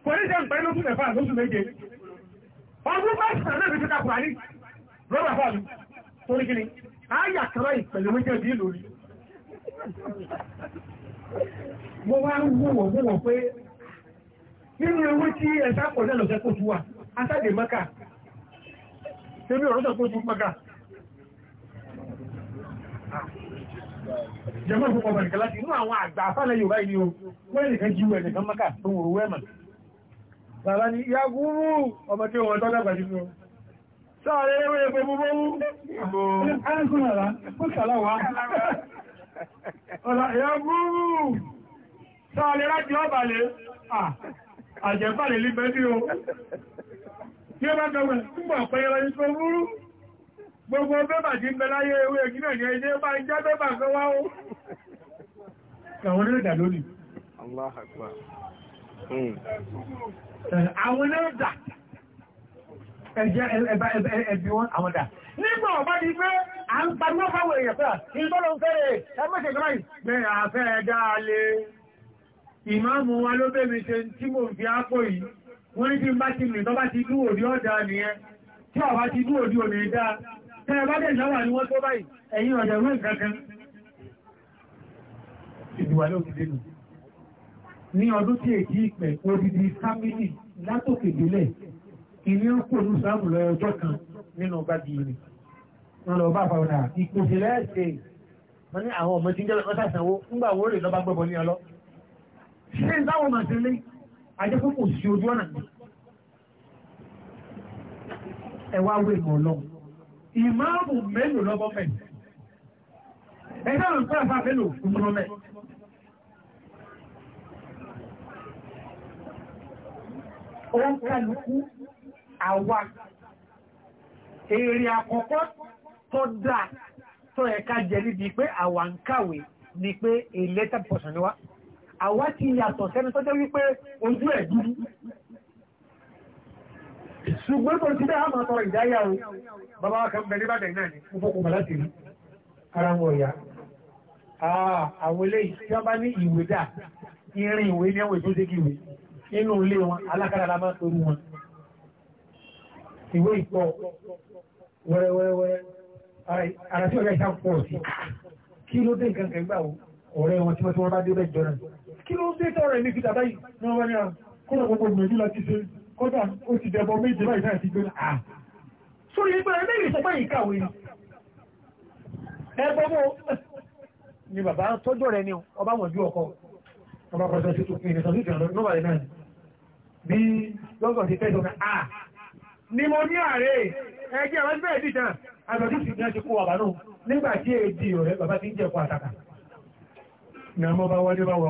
pẹ̀lú jẹ́ ìpẹ́ lóṣù mẹ́fà lóṣù méje ọdún mẹ́sàn-án náà fi ká kùránì rọ́bà fọ́ọ̀lù torí kí ni áyà kan láì pẹ̀lú méjèèjì lórí mo wá ń wúwọ̀ wúwọ̀ pé nínú ewé tí ẹ̀sà pọ̀ náà lọ́sẹ̀ kó tú wà asáde mọ́kà tẹ́bí ọ̀rọ̀ sọ pé ó tún mọ́kà jẹmọ́ ìfúnpọ̀ bẹ̀rẹ̀ kẹlá ti inú àwọn àgbà afẹ́lẹ̀ Yorùbá ìní o wọ́n ènìyàn jí wẹ̀ nìkan mọ́kà tó wòrò wẹ́mà bàbá ni ya gúrú ọmọ tí wọ́n tọ́lá gbàjú fún sáré ewé epo búbó sáré rájí ọbàlẹ̀ àjẹ́bàlẹ̀ líbẹ́ sí o tí ó bá gbẹ̀gbẹ̀ gbogbo bẹ́bà tí ń bẹ láyé ewé ẹgbẹ́ ẹ̀yẹ ilé bá ń já hmm. nígbà ọ̀bá di pé à ń pariwo fáwọn èèyàn pé ìtọ́lọ ń fẹ́rẹ̀ ẹgbẹ́sẹ̀ gbáyì pé àfẹ́ dáalé ìmáàmù wa ló bẹ́ mi ṣe tí mo fi ápò yìí wọ́n ní tí ń bá ti rìn tọ́ bá ti dúró ní ọ̀dà nìyẹn tí ọ̀bá ti dúró ní Tẹ́rẹ bá dẹ̀ lọ́wà ní wọ́n tó báyìí, ẹ̀yìn ọ̀dẹ̀ rú ìkankan. Ìdùwà ló ti dénú. Ní ọdún tí èkí ìpẹ̀ odidi sámìlì látòkè délẹ̀, ìní ń kò ní sáàmù lọ ọjọ́ kan nínú gbági rẹ̀. Wọ́n lọ bá fàwọn náà, ìpèsè lẹ́ẹ̀sẹ̀. Wọ́n ní àwọn ọmọ tí ń jẹ́ lọ́sàsánwó, ńgbà wo rè lọ́ba gbọ́bọ ní ọlọ́. Ṣé táwọn màá ti lé? Ajẹ́kọ̀ọ́ kò sí ojú ọ̀nà. Ẹ wá wé mọ̀ lọ́wọ́ ìmáàmù mélòó lọ́bọ́ mẹ́ ẹgbẹ́ àwọn ìpínlẹ̀ àfà mélòó fún lọ́bọ́ mẹ́ ó ń kálukú àwa èrè àkọ́kọ́ tó dà tó ẹ̀ka jẹ níbi pé àwa ń kàwé ni pé a later person ni wá ti yàtọ̀ sẹ́ni tó jẹ́ wípé ojú ẹ̀ dúdú ṣùgbọ́n kò sí dáhà máa tọrọ ìdáyà o bàbá wa kan bẹ̀rẹ̀ bàdẹ̀ náà ni mo fọ́kùn bàlá sí ara wọn ọ̀yà àwọn eléyìí tí wọ́n bá ní ìwé dà irin ìwé ní ẹwọ̀n ìtúnṣe kí ìwé nínú ilé wọn alákàrà la máa torú wọn ìwé ìpọ̀ wẹ́rẹ́wẹ́rẹ́ ara tí ọ̀gá ìta pọ̀ sí kí ló dé nǹkan kẹgbà ọ̀rẹ́ wọn tí wọ́n tí wọ́n bá dé bẹ́ẹ̀ jọ náà kí ló dé tọrọ ẹ̀mí fi tàbá yìí kódà ó ti dẹbọ méje báyìí náà ti gbé náà sórí ẹgbẹ́ ẹgbẹ́ ìṣẹ́ báyìí kàwé ẹgbẹ́ mọ́ ni bàbá tọ́jọ́ rẹ ni ọba mọ̀jú ọkọ ọba pàṣẹ sí tó pin ìrìnsàn sí ìrìnsàn nọ́bàrí náà bí lọ́gọ̀ ti tẹ́jọ́ náà ni mo ní ààrẹ ẹgbẹ́ àwọn ẹgbẹ́ ìdíjà àgbàdo sì ní ẹṣin kó wà bánú nígbà tí èdè rẹ bàbá ti ń jẹ́ kó àtàkà ni àwọn ọba wọlé bá wọ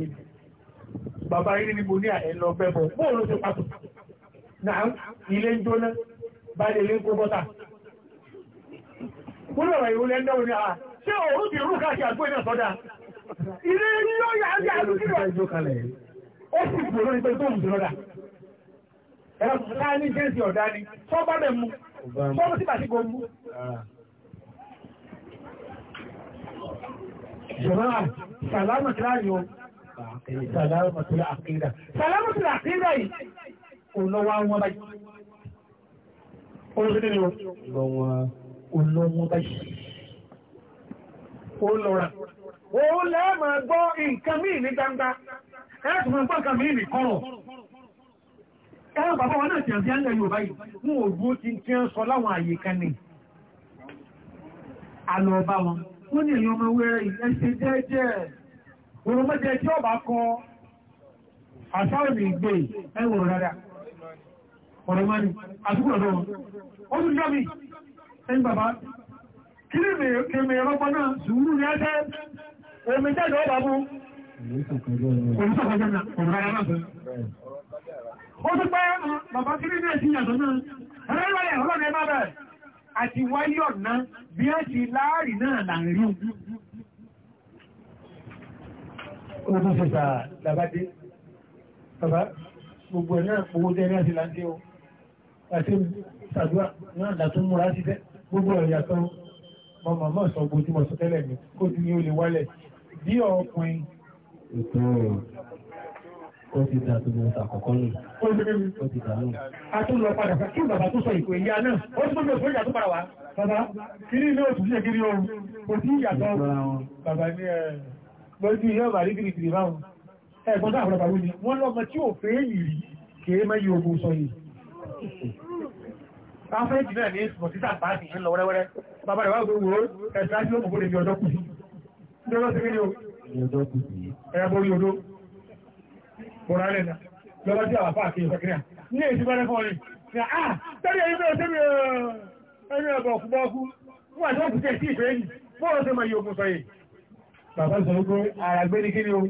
wá bàbá yìí ni mo ní àìlọ bẹ́bọ̀ bóò ló ṣe pàtó náà ilé ń jóná bá lè lé kó bọ́tà kúrò ọ̀rọ̀ ìwò lẹ́ndọ̀ ní àà ṣé òun ti rú káàkiri àgbó iná sọ́dá ilé ní ó yà á yà ó sì gbòòrò ní pé sàlámọ̀tìlá àkídà sàlámọ̀tìlá àkídà yìí olówó àwọn báyìí olóṣèlú ni olówó báyìí ó lọ́ra ó lẹ́ẹ̀mọ̀ gbọ́ nǹkan míì ní gbangba ẹ̀ẹ́sùn fún nǹkan míì ní kọ́rọ̀ ẹ̀rọ bàbá wọn náà tìyànjú ẹ̀ńdẹ̀ Yorùbá yìí wọn ò dúró ti ti ń sọ láwọn àyè kan ní àlọ́ ọba wọn wọ́n ní èèyàn ọmọ wẹ́rẹ́ yìí ẹ̀ṣẹ̀ jẹ́jẹ́ òun mọ́jẹ tí ọba kọ àṣáwòrì ìgbé ẹwòrò rárá ọ̀rọ̀ máa ní àdúgbò ọ̀dọ́ ó tún jọ́bì ẹni bàbá kí ní kèmè ọlọ́pọ náà sùúrù ní ẹgbẹ́ omi jáde ọba mú olùsọ̀kọ̀jọ́ náà ọ̀rọ̀ rárá náà ó tún pẹ́ ah, bàbá kí ní ní ẹ̀sìn yàtọ̀ náà ẹ̀rẹ́ ìwọlẹ̀ ọlọ́run ó tún ṣe sàá làbádé bàbá gbogbo ẹ̀ náà owó tẹ́ náà sí o àti sàdúrà náà dàtún múra sí tẹ́ gbogbo ẹ̀ yàtọ̀ mọ màmá sọ gbogbo tí mo sọ tẹ́lẹ̀ mi kó ti ní o lè wálẹ̀ bí ọkùnrin. ètò ó ti dà tó lóun sàkọ́kọ́ nù. ó ti dà lóun. a tún lọ padà kí bàbá tó sọ ìpè ìyá náà ó tún lọ sójà tó padà wá. bàbá kiri ní oṣù tí ṣe o kò sí ìyàtọ̀ bàbá ní ẹ̀ẹ́ lójú ilé ọ̀bà rí gírígírí báwọn ẹ̀gbọ́n tó àpọ̀lọpọ̀ àwọn ni wọ́n lọ́mọ tí ò fẹ́ yìí rí kèé mẹ́ yóò bó sọ yìí Fáfẹ́jì náà ní ìsìnkọ̀ títà bá ti ń lọ wẹ́rẹ́wẹ́rẹ́. Bàbá rẹ̀ wá gbé wo ẹ̀sán tí ó mọ̀ bó lè sí. o? Ẹ̀rọ orí odó. Bọ̀rọ̀ alẹ́ náà. Lọ́wọ́ tí àwọn afáàkì ìfẹ́ kiri à. Ní èyí tí wọ́n rẹ́ fún ọ ni. Ní à, tẹ́lẹ̀ yìí bẹ́ẹ̀ sẹ́mi ẹni ọ̀bọ̀ ọ̀kú bọ́ọ̀kú. Wọ́n àti wọ́n ti tẹ̀ sí ìfẹ́ yìí. Bọ́ọ̀rọ̀ sẹ́mi yìí ogun sọ yìí. Bàbá sọ wípé ara gbé ní kíni o.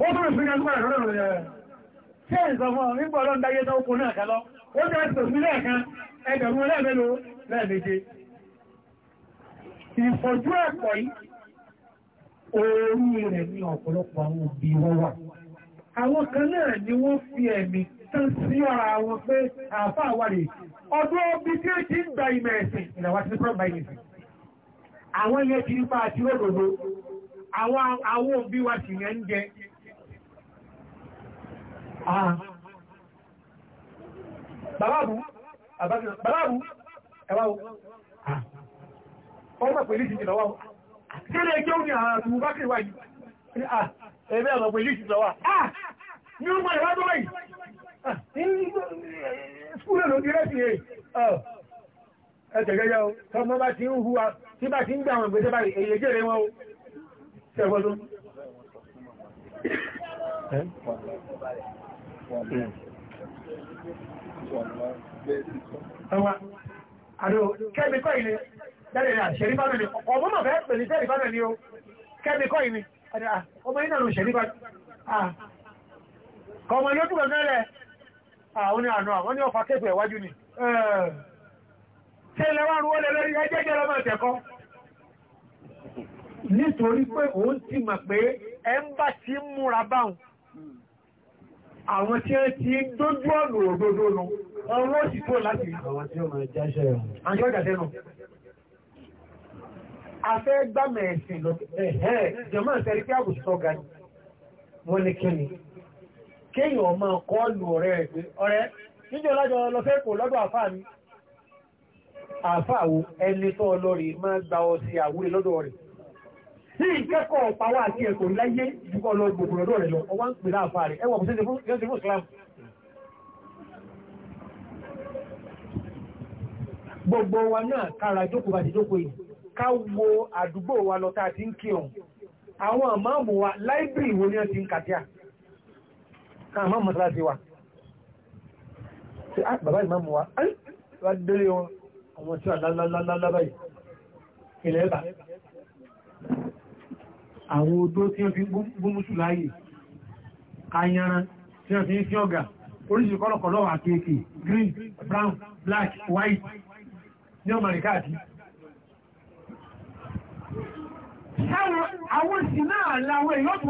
Ó tún rẹ̀ fún ẹgbẹ́ rẹ̀ lọ́rọ̀ rẹ̀. Ṣé ìsọ fún ọ nígbà ọlọ́run dáyé tó kún náà kálọ́? Ó jẹ́ ẹ̀sọ̀ sí lẹ́ẹ̀kan, ẹgbẹ̀rún lẹ́ẹ̀mẹ́lò lẹ́ẹ̀méje. Ìfọ̀jú ẹ̀pọ̀ ní ọ̀pọ̀lọpọ̀ àwọn òbí wọ́n wà. Àwọn kan náà ni wọ́n fi ẹ̀mí tán sí ọ̀rọ̀ àwọn pé àáfàá wà rè. Ọdún ọbí tí ó ti ń gba ìmẹ̀ ẹ̀sìn ìlàwà ti ní pọ́nbà ìyẹ̀sìn àwọn yẹn ti nípa àti rògbòdò àwọn òbí wa sì yẹn ń jẹ bàbáàbù bàbáàbù ẹwà o ọmọ pẹ̀lú ìsìnkì lọ́wọ́ sílé kí ó ní àwọn àtùwù bá kìí wáyìí ah, ẹgbẹ́ ọmọ pẹ̀lú ìsìnkì lọ́wọ́ ah! ní ọmọ ìwádọ́ wáyìí skúlẹ̀ ló dirẹ́ sí ẹ̀ ah. ẹ̀tẹ̀gẹ́gẹ́ o tọmọ bá ti ń hu tí bá ti ń gbà àwọn ìgbésẹ̀ báyìí èyí jẹ́rẹ̀ wọn ó ṣẹ̀fọ́dún Àdó kẹ́míkọ́ ìní, dáre rà, ṣẹ̀rífánà ni, ọmọ mọ̀ fẹ́ pẹ̀lú ṣẹ̀rífánà ni ó, kẹ́míkọ́ ìní, ọmọ iná ló ṣẹ̀rífánà, kọmọ ló túnbọ̀ mẹ́rẹ̀, àwọn àna àwọn ní ọfà kéfù ẹ̀wájú ni, ẹ̀ẹ̀ nítorí pé òun ti mọ̀ pé ẹ ń bá ti ń múra báhùn àwọn tí ó ti dójú ọ̀nà òdodo nù ọwọ́ sì tó láti àwọn tí ó máa jáṣẹ́ rẹ̀ àjọ́ ìdàṣẹ́ nù a fẹ́ gbámẹ̀ ẹ̀sìn lọ ẹ̀ẹ́ jọmọ́ ìsẹ́rí pé àbùsù tó ga ni wọ́n ní kíni kéèyàn máa kọ́ lù ọ̀rẹ́ ẹ̀ pé ọ̀rẹ́ níjọ́ lájọ lọ fẹ́ kò lọ́dọ̀ àfáà mi àfáàwò ẹni tó ọlọ́rì máa gba ọsí àwúrí lọ́dọ̀ rẹ̀ tí ìkẹ́kọ̀ọ́ pàwà àti ẹ̀kọ́ láyé jùkọ́ lọ gbogbo lọ́dọ̀ rẹ̀ lọ ọwá ń pè láàfáà rẹ̀ ẹwà kò sí ti fún Islam gbogbo wa náà kára jókòó bá ti jókòó yìí ká wo àdúgbò wa lọ tá a ti ń kí ọ̀hún àwọn àmáàmù wa láìbìrì wo ni wọ́n ti ń kàtíà ká àmáàmù mọ́sálásí wa ah, bàbá ìmáàmù wa wá délé wọn àwọn tí àlálálálá ilẹ̀ ẹ̀bà àwọn odó tí wọ́n fi gúnmùsù láyé ayanran tí wọ́n fi ń fi ọ̀gà oríṣìí kọ́lọ̀kọ́lọ̀ àkèèkè green brown black white ní ọmọ rẹ̀ káàkiri àwọn ìsìn náà láwọn èèyàn tó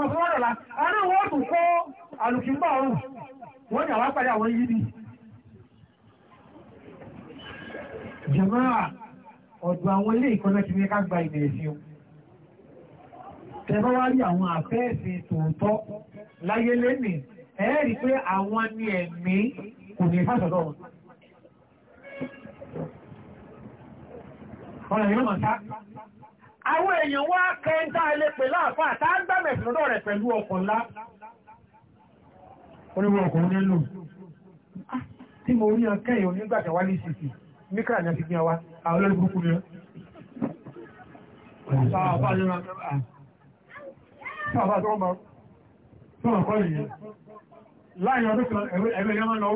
mọ̀ wọ́n jàmáà ọ̀dọ̀ àwọn ilé ìkọ́nà ti ní ká gba ìmẹ̀ ẹ̀sìn o tẹ́bá wá rí àwọn àfẹ́ẹ̀sìn tòótọ́ láyé lẹ́nìí ẹ̀ẹ́rì pé àwọn ni ẹ̀mí kò ní fásọ̀dọ̀ wọn ọ̀nà ìlú mọ̀ta àwọn èèyàn wá kẹta ilé pè láàfá àtàgbàmẹ̀ ìsìnlọ́dọ̀ rẹ̀ pẹ̀lú ọkọ̀ ńlá oníwọ̀ ọkọ̀ ah, onílù níkà ní àti gbìyàn wa àwọn olórin burúkú ni láàrin ọdún kan ẹgbẹ́ ìyá máa lọ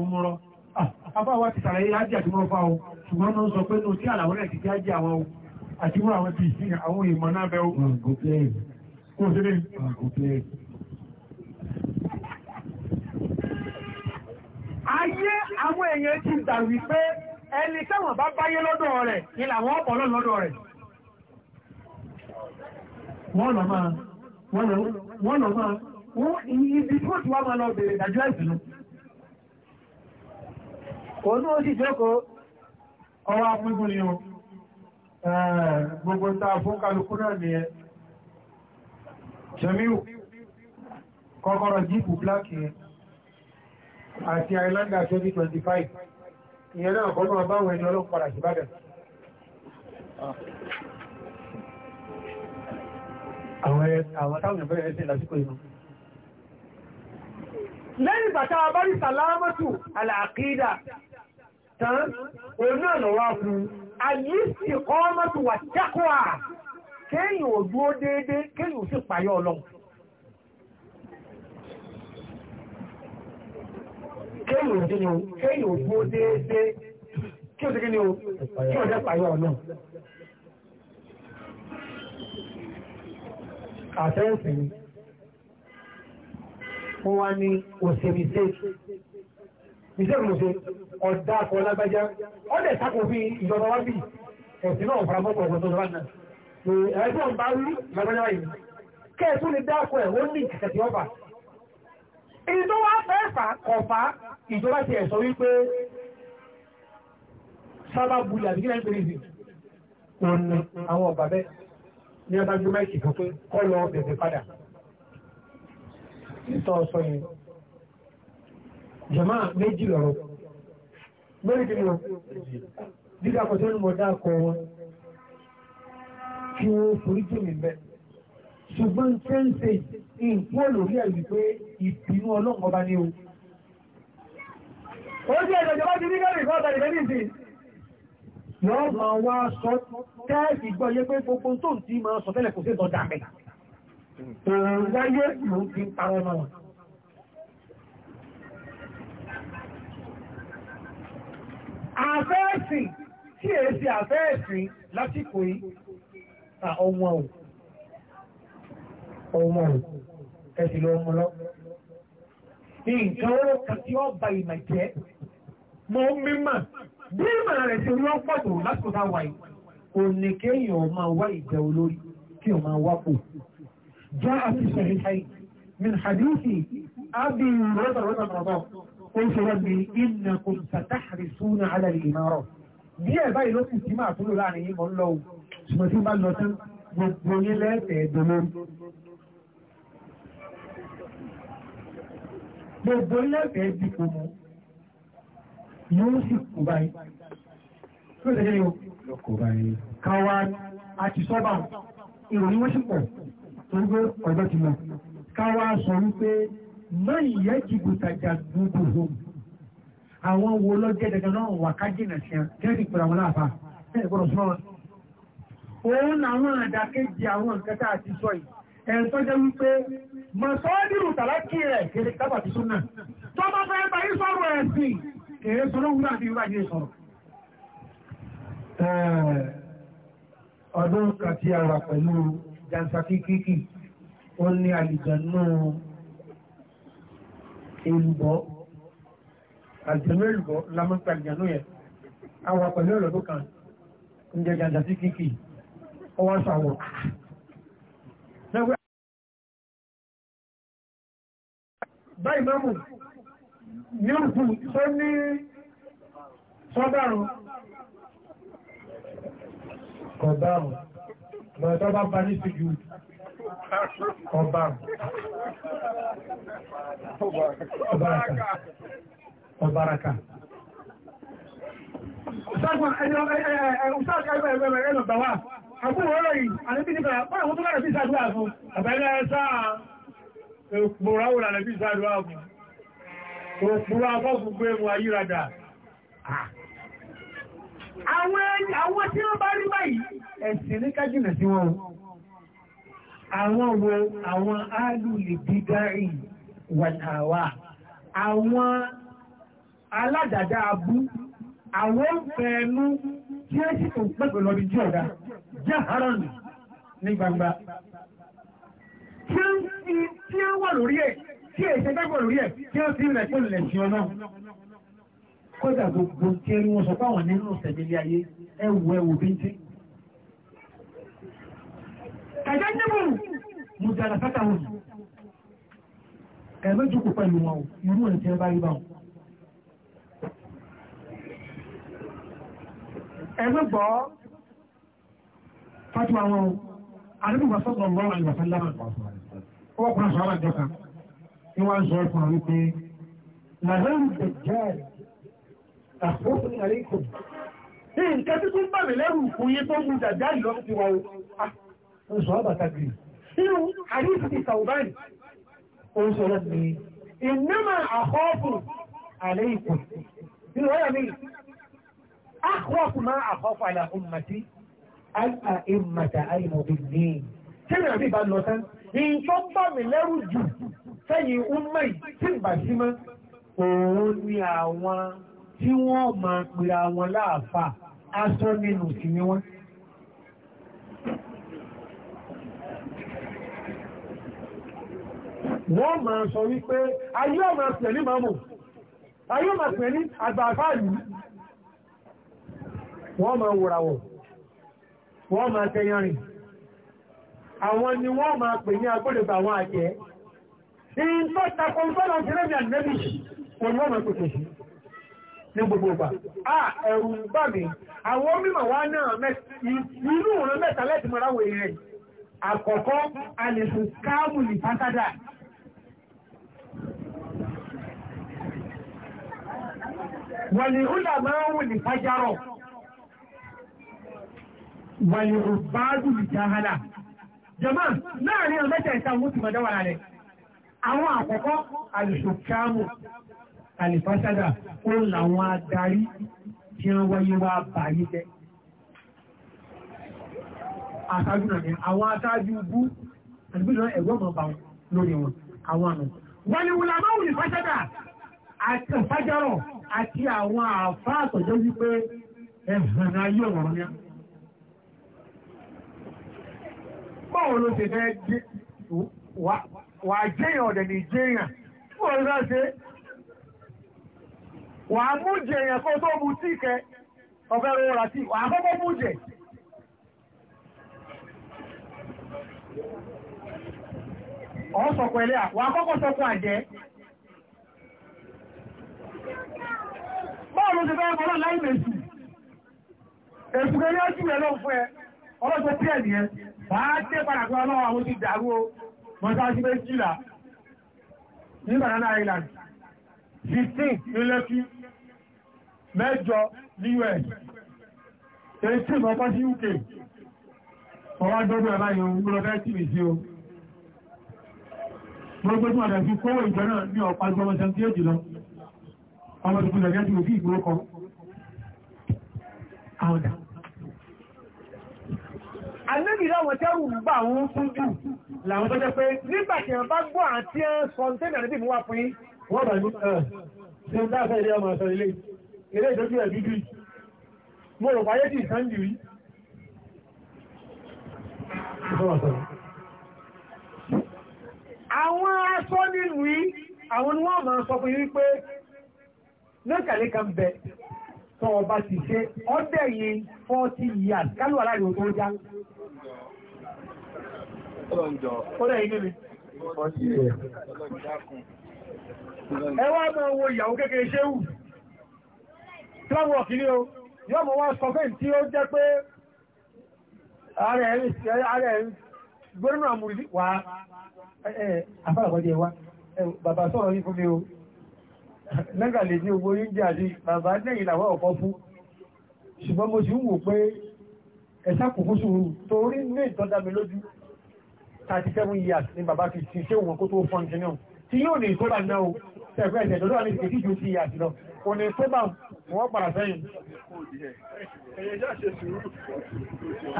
òmùrọ̀ àbáwá ti tààrà ilé ajé àtúmọ̀ fáwọn ṣùgbọ́n mọ́ sọ pé ní òtí àlàwọ́lẹ̀ ti jẹ́ ajé àwọn ohun àti wọ́n àwọn ti ìsìn àwọn ìmọ̀ náà bẹ́ ó. ayé àwọn èèyàn ti gbà wípé ẹni tẹ́wọ̀n bá báyé lọ́dọ̀ rẹ̀ ni làwọn ọ̀pọ̀ lọ́dọ̀ rẹ̀ wọ́n lọ máa wọ́n lọ máa wọ́n ibi tí ó ti wá máa lọ bèèrè ìdájọ́ ẹ̀sìn òun ó sì jókòó ọwọ́ amúgbùn ni o gbogbo ta fún kálukú náà ni ẹ ṣẹ̀míù kọ́kọ́rọ̀ jíìpù bláàkì yẹn àti àìláńdà 2025 ìyẹn náà kọ́ náà báwọn ẹni ọlọ́pàá padà sí bàdàn àwọn táwọn ìbẹ̀rẹ̀ ẹ̀sẹ̀ lásìkò inú lẹ́yìn bàtà abárí sàlámọ́tù àlàákídà tán òun náà lọ́wọ́ fún àyíṣì kọ́mọ́tù wà jákọ́à kéyìn ò dúó déédéé kéyìn ò sì pàyọ́ ọlọ́run kéyìn òdí ni o kéyìn òdú ó déédé kí o ti kí ni o kí o jẹ́ pàyọ́ ọ̀nà àtẹ́ǹsì ni wọ́n wá ní òsè mistake mistake mo ṣe ọ̀dá akọ lágbájá ọ̀dẹ̀ sákòfin ìjọba wá bì ẹ̀sìn náà fara mọ́kọ̀ ọ̀gbọ̀n tó lọ́wọ́ náà ẹ̀ẹ́dùn bá wí lágbájá yìí kẹ́ẹ̀tún lè dá akọ ẹ̀ ó ní ìkẹ̀kẹ̀ tí wọ́n fà èyí tó wá fẹ́ fà kọ̀fà ìjọba ti ẹ̀sọ́ wípé sábà bulẹ̀ àbí kílẹ̀ ń pèrè ìsìn òun ni àwọn ọ̀gbà bẹ́ẹ̀ ní ọba gbé máìkì kan pé kọ́ lọ bẹ̀rẹ̀ padà ìtọ́ ọ̀sọ́ yẹn jọ̀má méjì lọ́rọ̀ lórí kí ni wọ́n dídá kọ́ tó ń mọ̀ dáàkọ̀ wọn kí wọ́n forí jù mí bẹ́ẹ̀ ṣùgbọ́n tẹ́ ń ṣe nǹkan olórí ẹ̀ wípé ìpinnu ọlọ́run ọba ni o. ó jẹ́ ìjọba ti ní kẹ́rì kọ́ ọ̀tàlẹ̀ ní ìsìn. yọ́ọ́ máa wá sọ tẹ́ẹ̀sì gbọ́ yé pé gbogbo tó ń ti máa sọ tẹ́lẹ̀ kò sí ìtọ́jà mẹ́. òun wáyé ló ti ń parọ́ náà. àfẹ́ẹ̀sìn tí èsì àfẹ́ẹ̀sìn lásìkò yìí ta ọmọ òun ọmọ rẹ̀ ẹ̀sìn lọ mú lọ. nǹkan ó kà tí ó ba ìmọ̀ jẹ́ mọ mímọ̀ bí ìmọ̀ rẹ̀ ti wọ́n pọ̀ tó lásìkò tá a wà yìí òní kéèyàn máa wá ìjẹ olórí kí o máa wá pò. já àti sọ̀rọ̀ ṣáì min hadithi abi rọ́bà rọ́bà rọ́bà ó ń sọ̀rọ̀ bí iná kò sàtàhàrì súnà alẹ́ ìmọ̀ràn. bí ẹ̀ báyìí ló sì ti máa tó lò láàrin yìí mọ̀ ń lọ o ṣùgbọ́n tí bá lọ tán gbogbo yín lẹ́ẹ̀tẹ̀ẹ́ gbogbo lẹ́fẹ̀ẹ́ bí kò mú yóò sì kò báyìí tó lè yóò lọ́kọ̀ báyìí káwa àti sọ́bà ìròyìn wọ́n sì pọ̀ tó gbé ọjọ́ ti lọ káwa sọ wípé náà ìyẹ́ jìbò tàjà gbogbo home àwọn wo lọ jẹ́ dandan náà wà ká jìnà sí jẹ́rì pẹ̀lú àwọn láàfà bẹ́ẹ̀ gbọ́dọ̀ sọ́ọ̀ òun làwọn àdàkejì àwọn nǹkan tá a ti sọ yìí ẹ̀ntọ́jẹ́ wípé mọ̀sọ́dìrù tàlákì rẹ̀ kèrè kábà ti súnà tó bá fẹ́ bá yí sọ̀rọ̀ ẹ̀sìn kèrè sọ́rọ̀ wúrà ní ìwà yìí sọ̀rọ̀ ọdún kàtí ara pẹ̀lú jansakíkíkì ó ní àlìjànú èlùbọ́ àlìjànú èlùbọ́ lámọ́pẹ́ àlìjànú yẹn àwọn pẹ̀lú ọ̀lọ́dún kan ń jẹ jansakíkíkì ó sàwọ̀ bá ìmọ́mù ní òkú tó ní sọ́dárùn kọ̀dárùn lọ́ẹ̀tọ́ bá bá ní sí jù ọbárùn ọbáraka Ìsáàkùn ẹni ọ̀sáàkùn ẹgbẹ̀rẹ̀ ẹ̀lọ̀gbàwà, àbúrò ọ̀rọ̀ yìí, àníbí nípa, pọ́nà mú tó lára sí ìsáàkùn àfún, àbẹ̀lẹ̀ ẹ̀sáà òpòráwò lànà bí sáàdùwà ọ̀gbìn òpòrá afọ́fún gbé mú ayíradà àwọn tí wọ́n bá rí báyìí ẹ̀sìn ní kájìnà sí wọn àwọn wo àwọn alùlè dídárì wàtàwà àwọn aládàdá abú àwọn fẹ̀ẹ́nú tí ó sì tó pẹ̀pẹ̀ lọ́bí jẹ́ ọ̀dá jẹ́ àárọ̀ ní gbangba tí ó wà lórí ẹ̀ tí èsẹ̀ dágbà lórí ẹ̀ tí ó ti rẹ̀ pé lè ṣe ọ̀nà kódà gbogbo tí ẹrú wọn sọ páwọn nínú ìṣẹ̀lẹ̀ ilé ayé ẹwù ẹwù bíntín kàjá níbù mo jàdà fátà wọn ẹ̀mẹ́jù kò pẹ̀lú wọn irú ẹ̀ tí ẹ bá rí bá wọn ẹ̀mẹ́ gbọ́ fátìwà wọn àdúgbò sọ́gbọ̀n lọ́wọ́ àìwàsán lábàá wọ́n kúrò sọ́wọ́ àjọ kan ní wọ́n sọ fún ọ wípé làwọn ìdẹ̀jáàrì àfọ́fún àríkò ní nǹkan tí tún bà mí lẹ́rù fún yé tó mú dàjáàrì lọ sí wa o ń ah, sọ àbàtà gbé inú àríkò ti kàwùbáyì ó ń sọ lọ́dún ìnáma àfọ́fún àríkò nínú ọ̀yà mi àkọ́fún máa àkọ́fún àlà ummati al-a'immata al tẹ́lẹ̀ àbí ìbá lọ tán ìjọ bá mi lẹ́rù jù sẹ́yìn ọmọ yìí tí ìbá sí mọ́ òun ni àwọn tí wọ́n máa pèrà wọn láàfà aṣọ nínú sí ni wọ́n. wọ́n máa sọ wípé ayé ọmọ pẹ̀ ní màmù ayé ọmọ pẹ̀ ní àgbàfà yìí wọ́n máa wòràwọ̀ wọ́n máa tẹyànrìn àwọn ni wọ́n máa pè ní agbódògbà àwọn àjẹ́ in tó takọ̀ tọ́lọ̀ tí rẹ̀mì ànẹ́bì wọ́n ni wọ́n máa pèsè sí ní gbogbo ọgbà à ẹ̀rù ń bà mí àwọn mímọ̀ wá náà inú òun mẹ́ta lẹ́tì mọ́ra wò rẹ̀ àkọ́kọ́ alẹ́sùn káàmù ní pátádà jọmọ́ láàrin ọmọ́tẹ̀ ìta mú ti mọ̀dáwà rẹ̀ àwọn àkọ́kọ́ alìṣòkámù alìfásádà ó làwọn adarí tí wọ́n wáyé wá báyé jẹ́ àṣájú náà ni àwọn aṣáájú bú àdúgbò ẹ̀gbọ́n mọ̀ bá lórí wọn àwọn àmì wọ́n ni wùlàmáwù ìfásádà àti ìfájárọ̀ àti àwọn àfáàtọ̀jọ́ wípé ẹ̀hàn ayé ọ̀rọ̀ ni báwọn ló ṣe fẹ́ wà jẹ́yàn ọ̀dẹ̀ ní jẹ́yàn fún ọ̀rọ̀ ṣe wà mú jẹ́yàn kó tó mú tí kẹ ọ̀fẹ́ rọra tí wà kọ́kọ́ mú jẹ́ ọ̀sọ̀kọ̀ ẹlẹ́à wà kọ́kọ́ sọ́kọ̀ àjẹ́ báwọn ló ṣe fẹ́ láì ẹ̀sùn ọlọ́jọ́ tí ẹ̀ nìyẹn bá tẹ́ padà pé ọlọ́wọ́ àwọn ti dàrú o mọ́sáàsì pé jìlá ní banana island 15 ní lẹ́kí mẹ́jọ ní us èyí tí mọ́ pọ́ sí uk ọwá gbọ́dọ̀ ẹ̀bá yẹn ń lọ fẹ́ tì mí sí o gbogbo tí wọ́n dẹ̀ fi kówó ìjọ náà ní ọ̀pá ìjọba 78 lọ ọmọ tuntun lẹ̀gẹ́ tí mo fi ìgbóró kan àwọn dà Àlébì láwọn tẹ́rù ń bà wọ́n fún jù làwọn tó jẹ́ pé nígbàtí wọ́n bá gbọ́ àti ẹ́ kọ̀ntẹ́nà níbi mú wá fún yí. Wọ́n bà ní ẹ̀ ṣe ń dáfẹ́ ilé ọmọ ọ̀sán ilé, ilé ìdójú ẹ̀ dúdú yìí. Mo rò wáyé tí ìsán jù tọ́ ọba ti ṣe ọdẹ yìí 40 years kálù aláàrin tó já ọdẹ yìí nílé ẹwà mọ́ owó ìyàwó kékeré ṣéhù tíwọ́wọ́ kìí o yọ́ mọ́ wá sọ fẹ́ tí ó jẹ́ pé ààrẹ ẹ̀rin gbónúnà mú wà ẹ̀ àfàlàkọ́jẹ́ wá bàbá sọ̀rọ̀ yìí fún mi o nígbà lè ní owó yíjẹ́ àti bàbá lẹ́yìn ìlàwọ́ ọ̀fọ́ fún ṣùgbọ́n mo sì ń wò pé ẹ̀sà kò fún sùúrù torí ní ìtọ́dá mi lójú 37 years ni bàbá fi ti ṣe òun kó tó fọ́n jẹ́ náà tí yóò ní ìkóbà náà o tẹ̀gbẹ́ ẹ̀sẹ̀ tó lọ́wọ́ ní ìdí ju ti yàtì lọ kò ní ìkóbà wọ́n padà sẹ́yìn.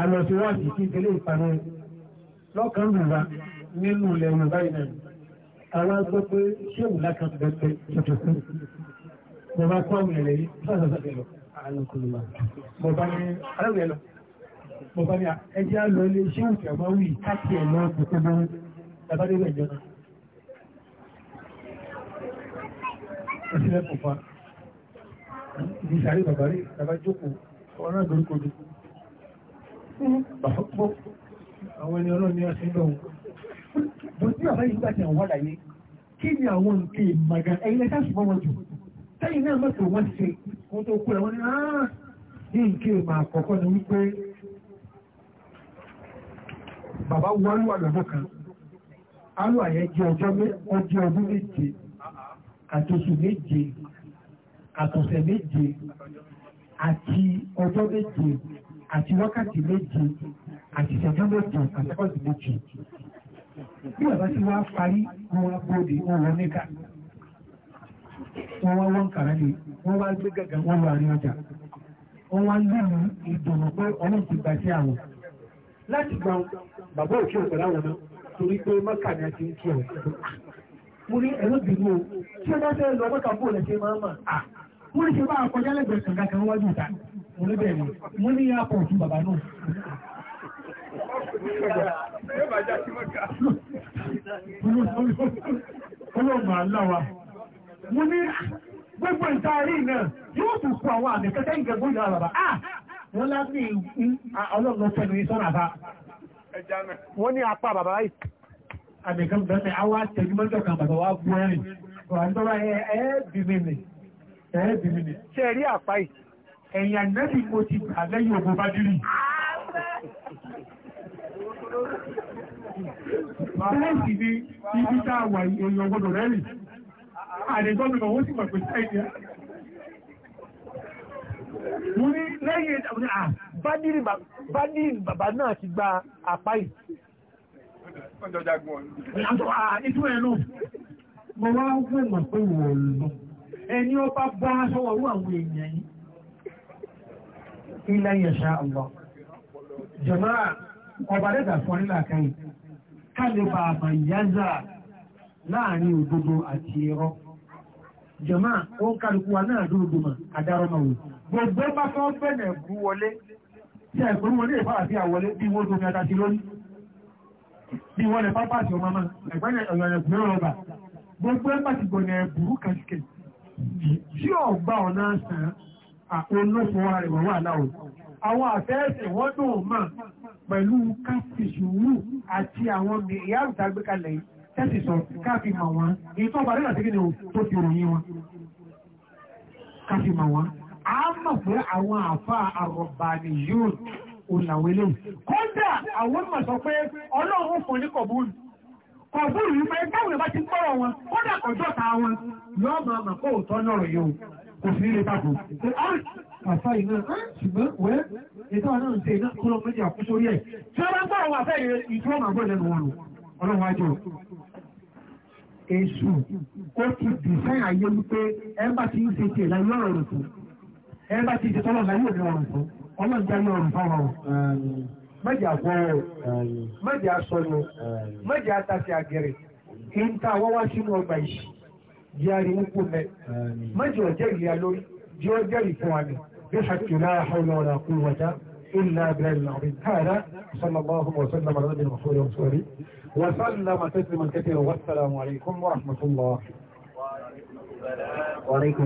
àlọ́sọ̀rọ̀ àti ìpínlẹ̀ ìpàrọ̀ lọ́kàn rúra nínú ilẹ̀ Yorùbá ìnáyìí àwọn sọ pé ṣéwù lákà gbẹgbẹ ṣọṣọṣọ mo bá kọ́ ọ̀hún ẹ̀rẹ́ yìí sọ́sọ́sọ́ lọ àlùkùnmá mo bá ní aláwọ̀ ẹ̀ lọ mo bá ní ẹjẹ́ àlọ́ ilé ṣéwù kẹ̀mọ́ wì káàkì ẹ̀ lọ gbogbo mọ́ tàbádé wẹ̀ jọna. Ẹsẹ̀ pupa ibi sàárè bàbá rí bàbá jókòó ọ̀rọ̀ náà dorí kodo. Bàbá pọ̀ àwọn ẹni ọlọ́ni ọ̀sìn lọ́wọ́ bó tí bàbá yìí gbàtẹ̀ wọ́n láyé kí ni àwọn nǹkan ìmọ̀gà ẹ̀yìn lẹ́ka ṣùgbọ́n wọn jù tẹ́yìn náà mọ̀ pé wọ́n ti ṣe wọ́n tó kú lẹ́wọ́n ní áá ah! ní nǹkan ìmọ̀ àkọ́kọ́ ni wípé bàbá wọ́n lù àlọ́mọ́ kan alù àyẹ́ jẹ́ ọjọ́ ọjọ́ ọdún méje àtòsù méje àtọ̀sẹ̀ méje àti ọjọ́ méje àti wákàtí méje àti ìṣẹ́jú méje àti ẹ̀kọ́sì méje bí bàbá tí wọ́n á parí wọn á bóde wọn wọ níkà wọn wá wọn kàrá lè wọn wá gbé gàgà wọn lọ àárín ọjà wọn wá lùlù ìdùnnú pé ọlọ́run ti gbà sí àwọn láti gba bàbá òkè òpè láwọn náà torí a ti ń kí ọ̀ mo o tí ó bá fẹ́ lọ mọ́kà bó lẹ́sẹ̀ máa ń mà á mo ní ṣe bá àkọjá lẹ́gbẹ̀ẹ́ kàǹkà kan wájú ìta mo ní bẹ̀rẹ̀ máa já sí mọ́ká. Ọlọ́mọ aláwa. Mo ní gbogbo ìtaari náà yóò tún kó àwọn àmì kẹ́kẹ́ ìgbẹ́gbó ìlú àbàbà. Wọ́n láti ọlọ́run tẹnu ìsọ́nà bá. Wọ́n ní apá bàbá yìí. Àmì kan bẹ̀rẹ̀ àwa tẹ̀jú mọ́jọ́ kan bàbá wa bú ẹ̀rìn. Bàbá ń tọ́ra ẹ ẹ́ bìbí mi. Ẹ bìbí mi. Ṣé ẹ rí àpá yìí? Ẹ̀yà nẹ́bí mo ti gbà lẹ́yìn ògbó bá dírì sáyẹ̀nsì ni ibi tá a wà èèyàn gbọdọ̀ rẹ́rìn àdègọ́mìnà ó sì mọ̀ pé sáyẹ̀nsì mo ní lẹ́yìn ẹ̀dà ah, bádìrì bàbá náà ti gba àpá yìí ah, Mo wá ń fún ìmọ̀ pé wò lọ. Ẹni ó bá bá sọ́wọ́ wà àwọn èèyàn yìí. Ilẹ̀ yẹ̀ṣà Allah. Jọ̀mọ́ra, ọba lẹ́gbà fún nílà kan yìí kálífà àbàyáza láàrin òdodo àti irọ́ jọmọ́ ó kálukú wa náà dúró mà adárọ́mọ̀ wò gbogbo bá fẹ́ bẹ̀rẹ̀ bú wọlé tí ẹ̀gbọ́n wọlé ìfáà sí àwọlé bí wọ́n tó fi adá sí lónìí bí wọ́n lè pápá àti ọmọ máa ẹ̀gbọ́n pẹ̀lú káfíṣùúrù àti àwọn ìyáàrù tàgbékalẹ̀ yìí tẹ́sì sọ káfí mà wọ́n èyí tó parí láti kíni tó fi ròyìn wọn káfí mà wọ́n a mọ̀ pé àwọn àfa àrọ̀bàní yóò òlàwé lè kódà àwọn mọ̀ sọ pé ọlọ́run fún ní kọ̀bùlù kọ̀bùlù yìí pé báwo ni bá ti gbọ́rọ̀ wọn kódà kọjọ́ ta wọn yóò máa mọ̀ kó òótọ́ náà yóò kò sí ilé tako àṣà iná ṣùgbọ́n wẹ́ ètò àwọn ń ṣe iná kó lọ méjì àkóso rí ẹ̀ tí wọ́n bá ń bá àwọn àṣà ìrẹ́ ìtura màá bọ̀ lẹ́nu wọn ọlọ́run àjọ èṣù ó ti dìsáìn ayé wípé ẹ̀bá ti ń ṣe tiẹ̀ láyé ọ̀rọ̀ rẹ̀ fún ẹ̀bá ti ṣe tọ́lọ̀ láyé òní ọ̀rọ̀ fún ọlọ́run jáyé ọ̀rọ̀ fáwọn o. méjì àgbọ̀ ọ̀ méjì asọ̀nù méjì atasi àgẹ̀rẹ̀ kí n ta wọ́wá sínú ọgbà ìṣì jẹ́ àríwú kú mẹ́ méjì ọ̀jẹ̀ ìlera lórí jẹ́ ọjẹ́ ìfọ̀wánì. بحق لا حول ولا قوة إلا بالله العظيم هذا صلى الله وسلم على نبينا محمد ورسوله وسلم تسليما كثيرا والسلام عليكم ورحمة الله وعليكم